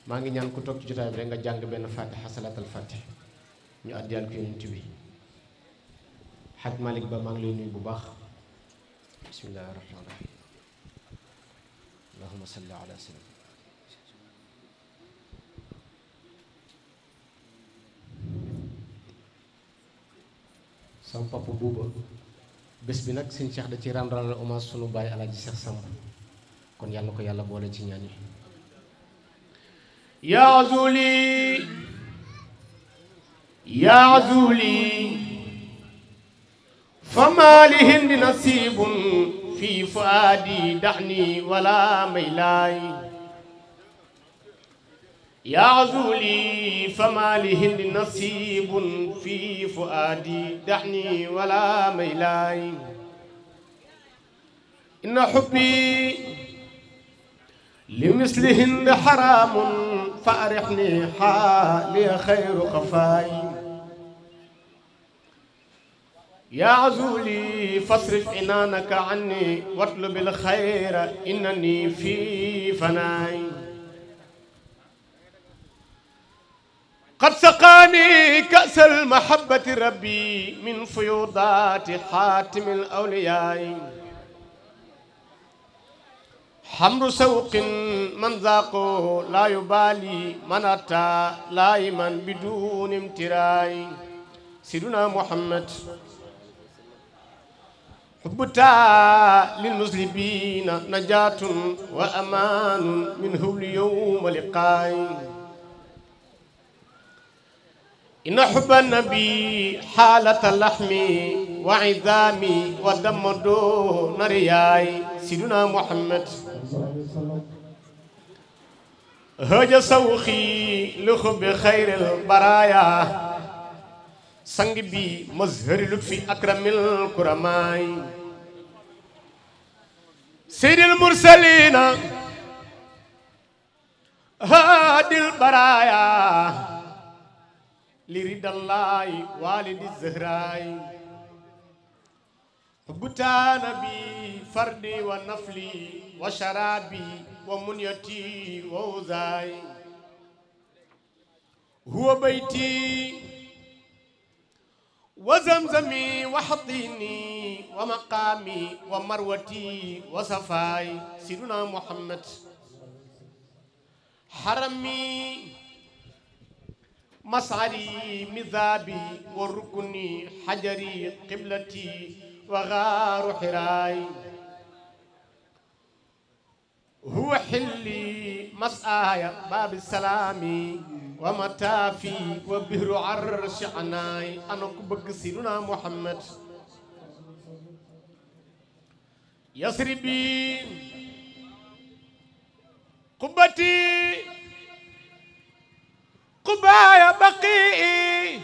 maa ngi ñaan ku toog ci jotaay bi rek nga jàng benn fatiha salaatal fatiha ñu àddiyal ko yonent bi xaj Malick ba maa ngi lay nuyu bu baax bismillahi rahmaani rahim allahumma salli sama papa buuba bés bi nag sëñ Cheikh da ci rendre la hommage sunu bàyyi alaaji Cheikh Samb kon yàlla ko yàlla boole ci ñaan yi yaa zuli yaa zuli fama li hindi nasibun fi faadi daxni wala maylaay يعزو لي فما لهن نصيب في فؤادي دعني ولا ميلاي إن حبي لمثلهن حرام فأرحني حالي خير خفاي يا عزولي فاصرف عنانك عني واطلب الخير إنني في فناي قد سقاني كأس المحبة ربي من فيوضات حاتم الأولياء حمر سوق من ذاقه لا يبالي من أتى لائما بدون امتراء سيدنا محمد حبتا للمسلمين نجاة وأمان من هول يوم لقائي إن حب النبي حالة لحمي وعظامي ودم دون رياي سيدنا محمد هج سوخي لخب خير البرايا سنگ بي مظهر لطف أكرم الكرماي سيد المرسلين هادي البرايا لرد الله والد الزهراء بطان بي فردي ونفلي وشرابي ومنيتي ووزاي هو بيتي وزمزمي وحطيني ومقامي ومروتي وصفاي سيدنا محمد حرمي مسعري مذابي وركني حجري قبلتي وغار حراي هو حلي مسعاي باب السلام ومتافي وبهر عرش عناي أنا كبك سيدنا محمد يسربي قبتي قبايا بقيئي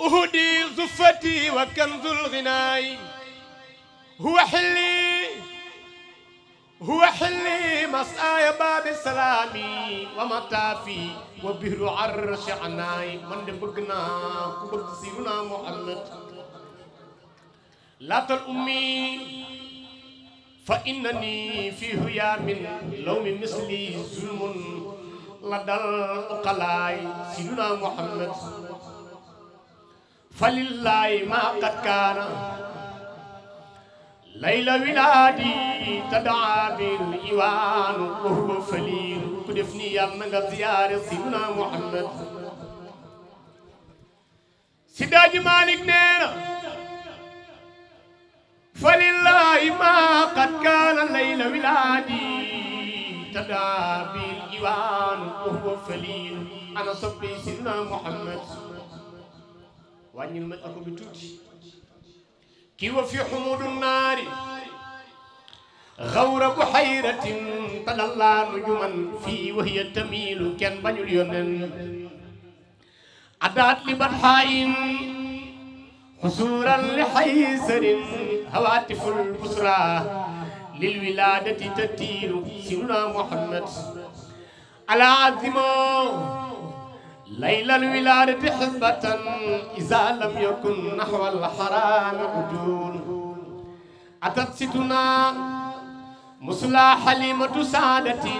أهدي زفتي وكنز الغناي هو حلي هو حلي مسعاي باب سلامي ومطافي وبهر عرش عناي من بقنا كبر سيرنا محمد لا الأمي فإنني فيه يا من لوم مثلي ظلم la dal uqalaay siduna muhammad falillahi ma qad kaana layla wilaadi tadaa bil iwaanu wa huwa ku def ni yàlla na nga ziyaare siduna muhammad sidaaji malik neena falillahi ma qad kaana layla wilaadi tadaa bil iwaanu المرسلين أنا صبي سيدنا محمد وأني الملك بتوتي كي وفي حمود النار غور بحيرة تلالى نجما في وهي تميل كان بني اليونان عدات لبرحائن حصورا لحيسر هواتف البصرى للولادة تتيل سيدنا محمد العظيم ليل الولادة حبة إذا لم يكن نحو الحرام عدول أتت ستنا مسلا حليمة سعادة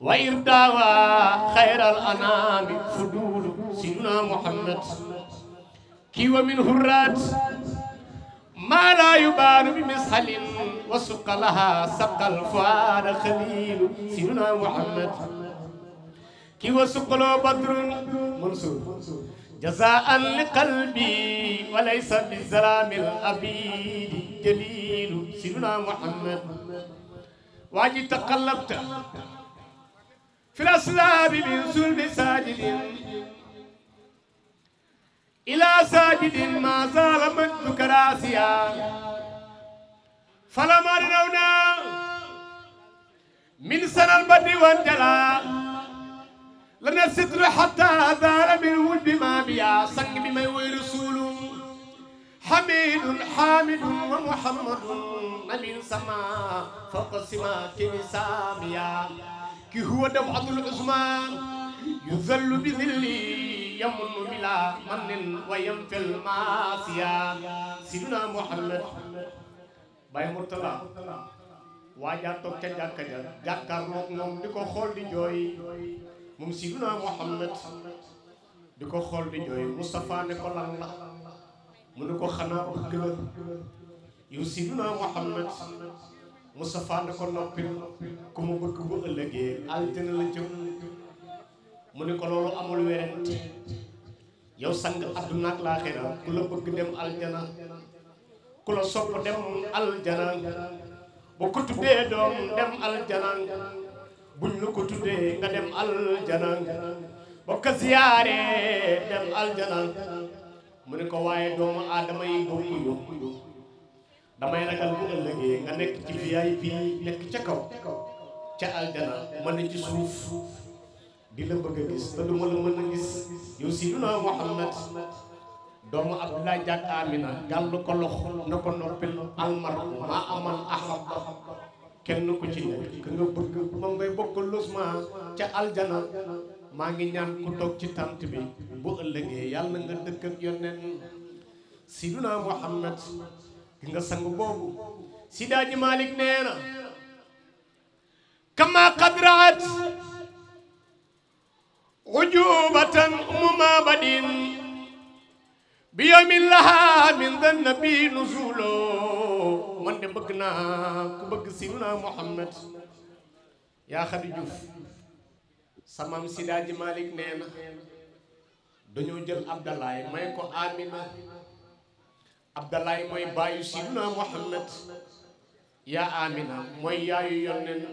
وإرداوا خير الأنام فدول سيدنا محمد كي ومن هرات ما لا يبان بمسحل وسق لها سق الفؤاد خليل سيدنا محمد كي وسق له بدر منصور جزاء لقلبي وليس بالظلام الأبيد جليل سيدنا محمد واجي تقلبت في الأسلاب من سلب ساجد إلى ساجد ما زال مد كراسيا فلما رنونا من سنة البدر وانجلا لنا ستر حتى زال من ود ما بيا سنج بما رسول حميد حامد ومحمد من سما فوق السما كنساميا كي هو دفعة العثمان يذل بذلي يمن بلا من وينفي المعصية سيدنا محمد باي مرتضى waajaa toog ca jàkka ja jàkkaarloog moom di ko xool di jooy moom siduna di ko xool di jooy Moustapha ne ko lan la mu ne ko xanaa bëgg la yow siduna Muhammad Moustapha ne ko noppil ku mu bëgg bu ëllëgee altine la jëm mu ni ko loolu amul werent yow sang àdduna ak laaxira ku la bëgg dem aljana ku la sopp dem aljana bu ko tuddee doom dem aljana buñ la ko tuddee nga dem aljana ba ko dem aljana mu ne ko waaye doomu aadama yi bokkuñu damay ragal bu ëllëgee nga nekk ci VIP nekk ca kaw ca aljana ma ne ci suuf di la bëgg a gis te du ma la mën a gis yow Sidina Muhammad doomu Abdoulaye Diak Amina gàll ko loxo na ko noppil almar maa aman ahaba kenn ku ci nekk ka nga bëgg moom ngay bokk losement ca aljana maa ngi ñaan ku toog ci tànt bi bu ëllëgee yàlla nga dëkk ak yoneen Sidina Muhammad gi nga sang boobu Sidaaji Malik nee na kama qadraat عجوبة أمما بدين بيوم لها من ذا النبي نزول من دي بقنا كبق سيدنا محمد يا خدي جوف سمام سيداج مالك نينا dañoo jël Abdalaay may ko Amina Abdalaay mooy baayu Sidina Muhammad yaa Amina mooy yaayu yonneen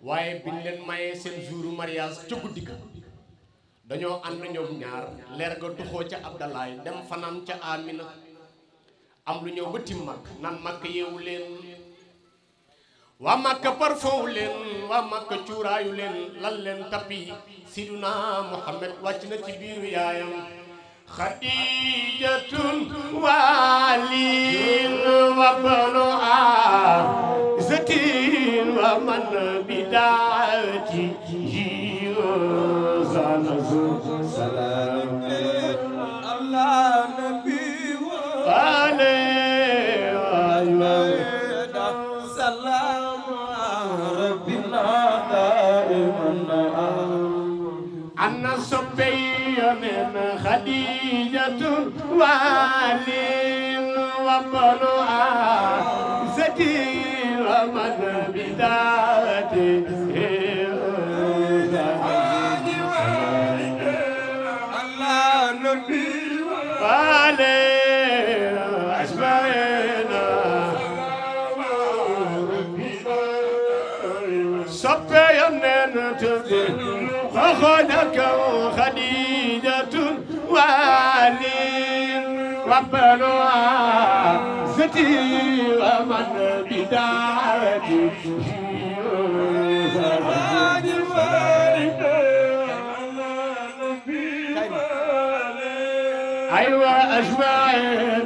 waaye biñ leen mayee seen jouru mariage ca guddi ga dañoo ànd ñoom ñaar leer ga tuxoo ca Abdalaay dem fanaan ca Amina am lu ñëw bëti mag nan mag yeewu leen waa Makka parfum wu leen waa Makka cuuraayu leen lal leen tapi siduna Muhammad wàcc na ci biiru yaayam Xadijatun waalin wa banu a zatin wa man bidaa بين خديجة وعلي وطلعا زكي ومن بدعته الله نبي وعلي الأولين وبلوها ستي ومن بدايتي أيوة أجمعين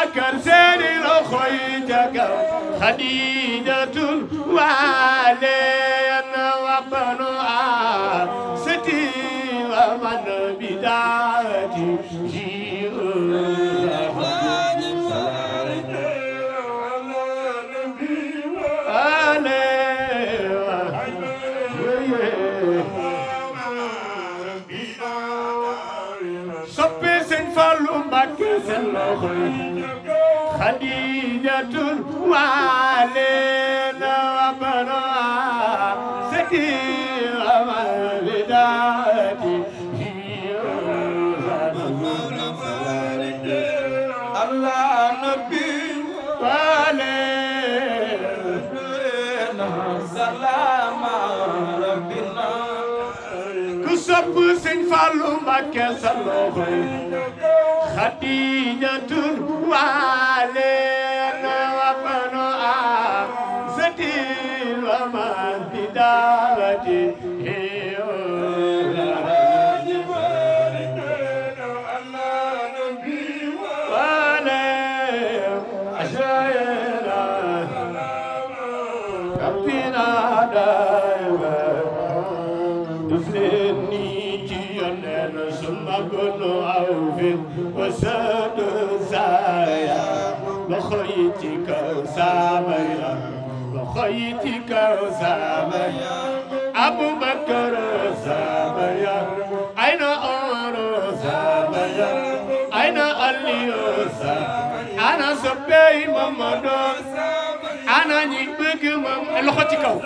bakar seeni loxo yi ca kaw xadiijatul waaleen wa banu aasati wa man bidaati jiiru Thank you. خديجة وعلينا وبرا ستي ومالداتي الله نبي وعلينا سلام ربنا كسب سن فالو مكة سلوخي خديجة والين وابن عم ستيل ومن بدارتي ثم كن عوف وسد زايا وخيتك ساميا وخيتك ساميا أبو بكر ساميا أين عمر ساميا أين علي ساميا أنا سبي محمد أنا نيبك محمد لخوتي كو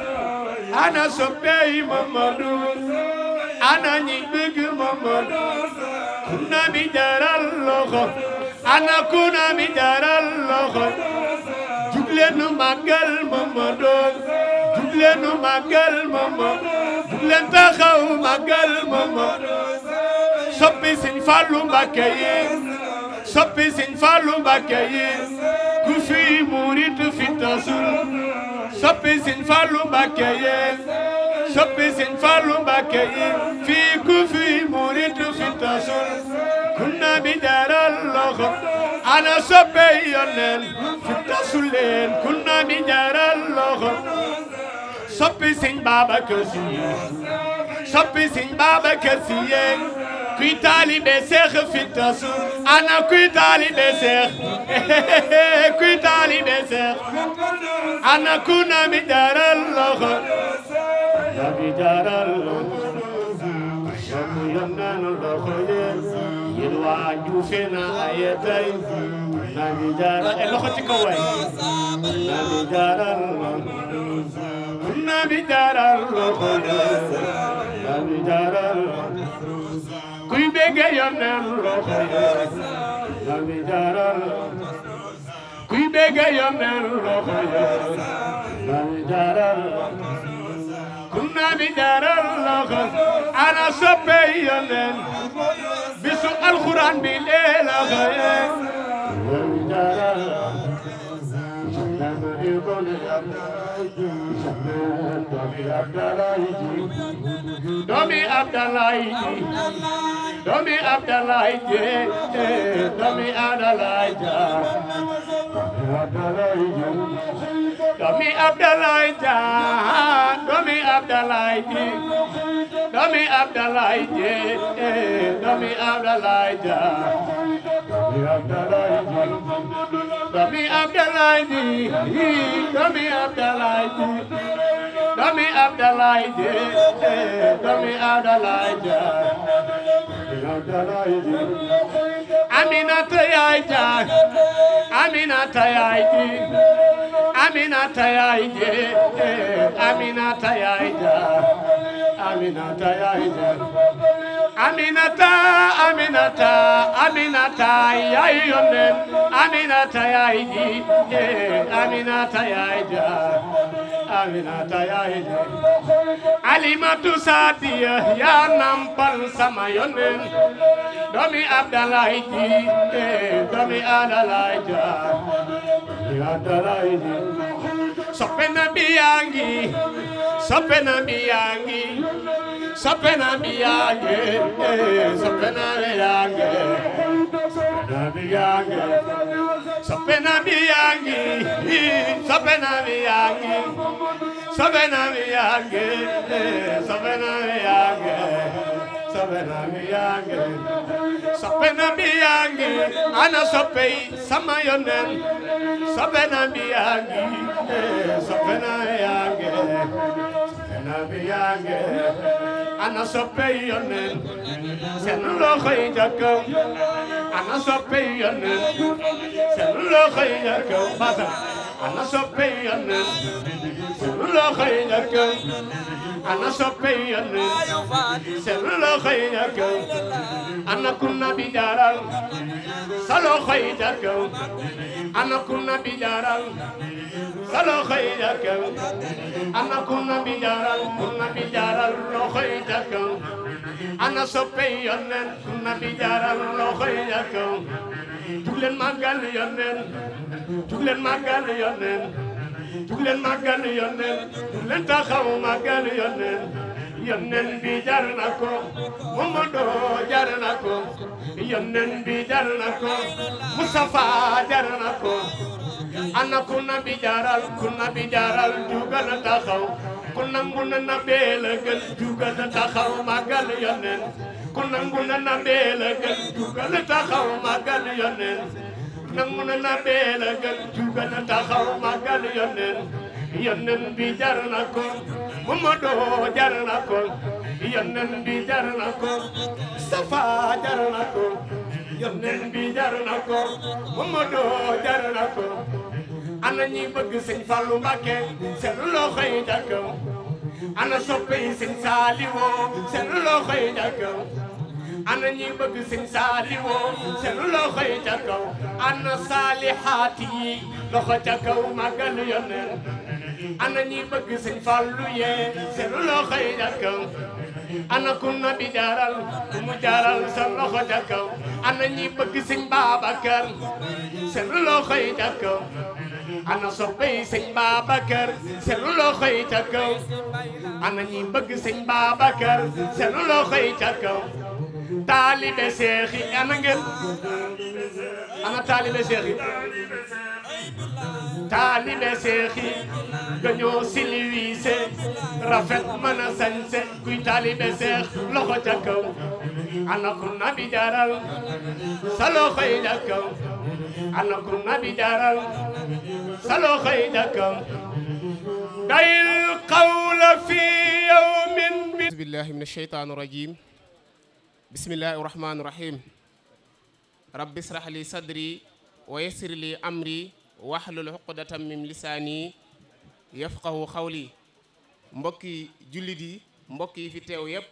أنا سبي محمد أنا نيبك كنا بجار اللغة أنا كنا بجار اللغة جبلنا مقال ماما جبلنا مقال ماما جبلنا تخاو مقال ماما soppi Sëñ Fallu Mbàkke yi soppi Sëñ Fallu Mbàkke yi ku fi murit fi tasul soppi Sëñ Fallu Mbàkke yi soppi Sëñ Fallu Mbàkke yi fi ku fi bi jaral ana soppe yoneen fi leen kun na bi jaral loxo soppi sëñ Babacar Si soppi sëñ Babacar Si ana kuy taalibe seex kuy ku na bi jaral juufe na aye tay nami jara e loxo ci ko way nami jarar nami jarar loxo nami jarar kuy bege yonen loxo nami jarar kuy bege yonen loxo nami jarar naa ni ñaaral loxo ana soppe yoneen bisu alxuraan bi lee loxo yee doomi abdalaay doomi abdalaay jee doomi abdalaay jaa doomi Abdalaay Jaan doomi Abdalaay ji doomi Abdalaay ji doomi Abdalaay Jaan doomi doomi Abdoulaye Dieye doomi Abdoulaye Dieye doomi Abdoulaye Dieye doomi Abdoulaye Dieye Aminata yaay Dieye Aminata yaay Dieye aminata yaay jee aminata yaay jaa aminata yaay jaa aminata aminata aminata yaay yónneen aminata yaay ji jee aminata yaay jaa aminata yaay jaa alimatu saadiya yaa nampal sama yónneen doomi abdalaay ji jee doomi adalaay jaa doomi adalaay ji soppe na bi yaa ngi soppe na bi yaa ngi soppe na bi yaa ngi soppe na bi yaa ngi soppe na bi yaa ngi soppe na bi yaa ngi soppe na bi yaa ngi soppe na bi yaa ngi soppe na mi yaa ngi soppe na mi yaa ngi ana soppe yi sama yonen soppe na mi yaa ngi soppe na yaa ngi soppe na mi yaa ngi ana soppe yi yonen seen loxo yi jàkkam ana soppe yi yonen seen loxo yi jàkkam basa ana soppe yi yonen seen loxo yi jàkkam أنا صبي سر خيرك أنا كنا بدارا سلو خيرك أنا كنا بدارا سلو خيرك أنا كنا بدارا كنا بدارا لو خيرك أنا صبي كنا بدارا لو خيرك تقول المقال يا نن تقول المقال يا نن du leen màggal yónneen du leen taxaw màggal yónneen yónneen bi jar na ko Mamadu jar na ko yónneen bi jar ko Mustafa jar na ko ana ku nabi jaral ku nabi jaral jugal taxaw ku nangu na nabee la gën jugal taxaw màggal yónneen ku nangu na nabee la gën jugal taxaw màggal yónneen nangu na na beel a gën na taxaw magal yoneen yoneen bi jar na ko Mamadu jar na ko yoneen bi jar na ko Safa jar na ko yoneen bi jar na ko Mamadu jar na ko ana ñi bëgg sëñ Fallu Mbàkke seen loxo yi jàkkaw ana soppe yi sëñ Saaliwu seen loxo yi jàkkaw ana ñi bëgg sëñ Saaliwu seen loxo yi ca kaw ana saalihaat yi loxo ca kaw màggal yoneen ana ñi bëgg sëñ Fallu yee seen loxo yi ca kaw ana ku nabi jaaral ku loxo ca kaw ana ñi bëgg sëñ Babacar seen loxo yi ca ca kaw ana ñi bëgg sëñ Babacar seen loxo yi ca kaw taalibe seex ana ngeen ana taalibe seex yi taalibe rafet mën sañse kuy taalibe seex loxo ca ana ku nabi jaral sa loxo yi ca qawla fi yawmin bismillahi min ashaytaan rajim bismillahi rahmaani rahim rabbi israh li sadri wa yassir li amri wahlul uqdatam min lisaani yafqahu xawli mbokki jullit yi mbokk yi fi teew yépp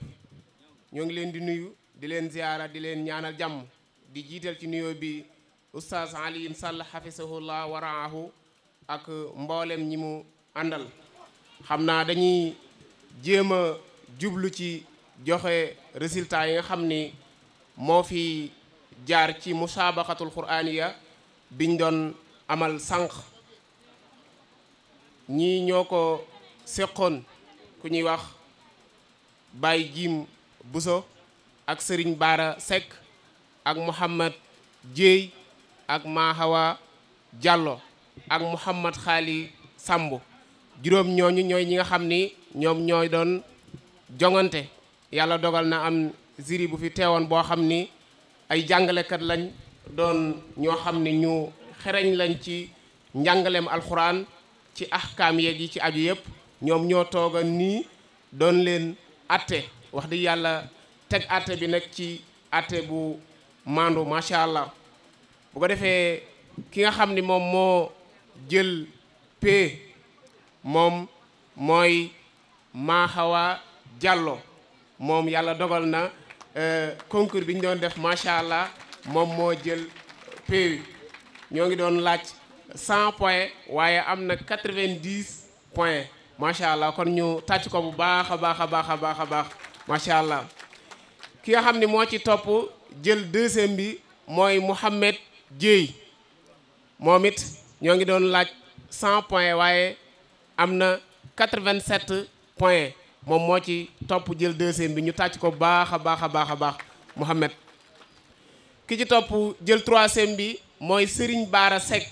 ñoo ngi leen di nuyu di leen ziyaara di leen ñaanal jàmm di jiital ci nuyoo bi oustaz Alioune Sall xafisahullah waraahu ak mboolem ñi mu àndal xam naa dañuy jéem a jublu ci joxe résultat yi nga xam ni moo fi jaar ci musaabaxatul quraaniya biñ doon amal sànq ñii ñoo ko seqoon ku ñuy wax Baye Jim Buso ak Sëriñ Baara Seck ak Mouhamad Dieye ak Mahawa Diallo ak Mouhamad Xaali Samb juróom ñooñu ñooy ñi nga xam ni ñoom ñooy doon jongante yàlla dogal na am jury bu fi teewoon boo xam ni ay jàngalekat lañ doon ñoo xam ni ñu xereñ lañ ci njàngaleem alxuraan ci ahkaam yeeg yi ci aju yëpp ñoom ñoo tooga nii doon leen atte wax dëgg yàlla teg atte bi nag ci atte bu maandu macha allah bu ko defee ki nga xam ni moom moo jël p moom mooy Maaxawa Jàllo moom yàlla dogal na euh, concours bi ñu doon def macha allah moom moo jël PEU ñoo ngi doon laaj 100 points waaye am na 90 points macha allah kon ñu tàcc ko bu baax a baax a baax a baax a baax macha allah ki nga xam ne moo ci topp jël deuxième bi mooy Mouhamed Dieye moom it ñoo ngi doon laaj 100 points waaye am na 87 points. moom moo ci topp jël deuxième bi ñu tàcc ko baax a baax a baax a baax Mouhamed ki ci topp jël troisième bi mooy Serigne Baara Seck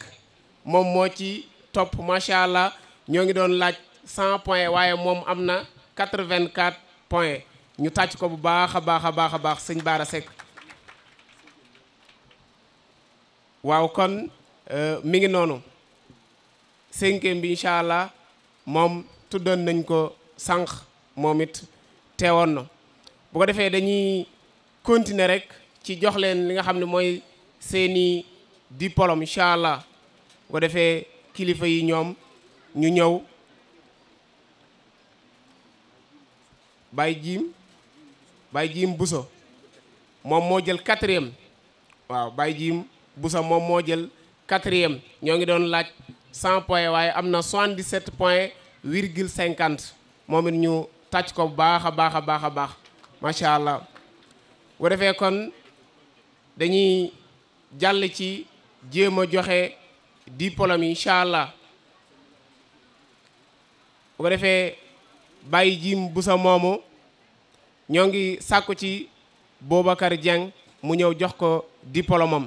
moom moo ci topp macha allah ñoo ngi doon laaj cent points waaye moom am na quatre-vingt-quatre points ñu tàcc ko bu baax a baax a baax a baax sëñ Baara Seck waaw kon euh, mi ngi noonu cinquième bi incha allah moom tuddoon nañ ko sànq. moom it teewoon na bu ko defee dañuy continuer rek ci jox leen li nga xam ne mooy seeni diplôme incha allah bu ko defee kilifa yi ñoom ñu ñëw bay jiim bàyyi jiim buso moom moo jël quatrième waaw bàyyi jiim buso moom moo jël quatrième ñoo ngi doon laaj 100 point waaye am na 77 points virgule 50 moom it ñu tàcc ko bu baax a baax a baax a baax macha allah bu kon dañuy jàll ci jéem a joxe diplôme yi allah bu ko bàyyi jim bu sa moomu ñoo ngi sàkku ci Boubacar Dieng mu ñëw jox ko diplôme am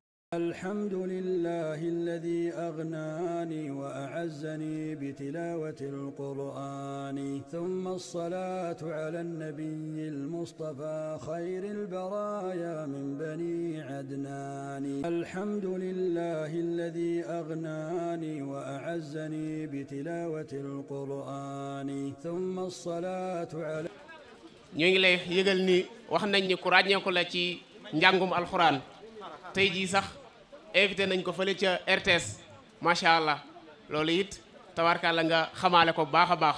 الحمد لله الذي أغناني وأعزني بتلاوة القرآن ثم الصلاة على النبي المصطفى خير البرايا من بني عدنان الحمد لله الذي أغناني وأعزني بتلاوة القرآن ثم الصلاة على ñu ngi lay yëgal ni wax nañ ni ku ràññeeku la ci njàngum alxuraan tey jii sax invité nañ ko fële ca RTS macha allah loolu it tabarkàlla nga xamaale ko baax a baax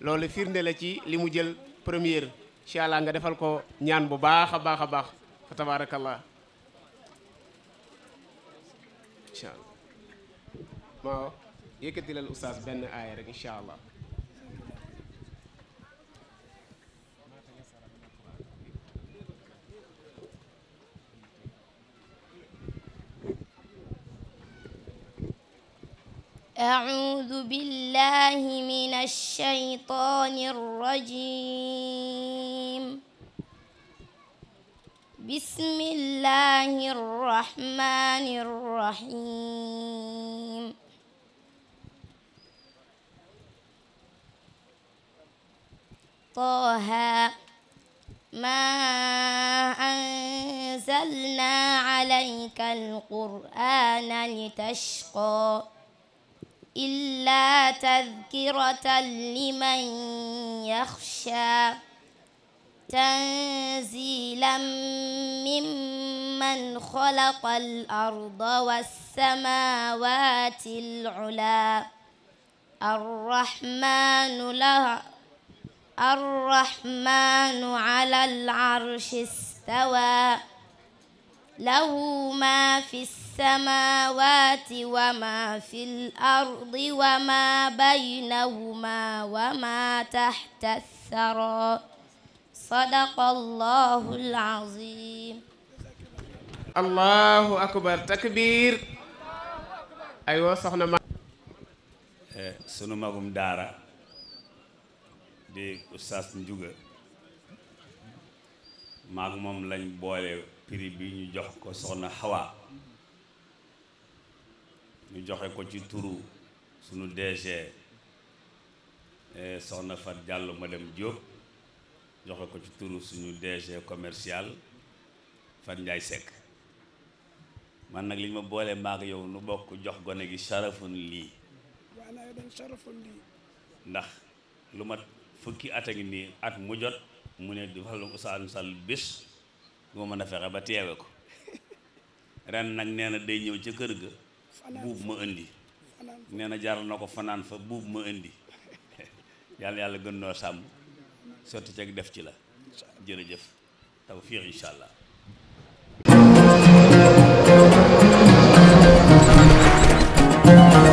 loolu firnde la ci li mu jël première incha allah nga defal ko ñaan bu baax a baax a baax fa tabarakallah incha allah maa yëkkatilal oustaz benn aaya rek incha allah أعوذ بالله من الشيطان الرجيم بسم الله الرحمن الرحيم طه ما أنزلنا عليك القرآن لتشقى إلا تذكرة لمن يخشى تنزيلا ممن خلق الأرض والسماوات العلا الرحمن له الرحمن على العرش استوى له ما في السماء السماوات وما في الأرض وما بينهما وما تحت الثرى صدق الله العظيم الله eh, sunu magum daara di Oustaz Ndiouga maag moom lañ boole prix bi ñu jox ko soxna Hawa ñu joxe ko ci turu suñu DG eh, soxna Fat Diallo madame Diop joxe ko ci turu suñu DG commercial Fat njaay sekk man nag liñ ma boolee maag yow nu bokk jox gone gi sarafun lii ndax lu mat fukki at a ngi nii at mu jot mu ne di waxal Ousseynou Sall bés du ma mën a fexe ba teewe ko ren nag nee day ñëw ca kër ga buub ma indi nee na jaral na ko fanaan fa buub ma indi yàlla yàlla gën noo sàmm sotti ceeg def ci la jërëjëf tawfiix incha allah thank you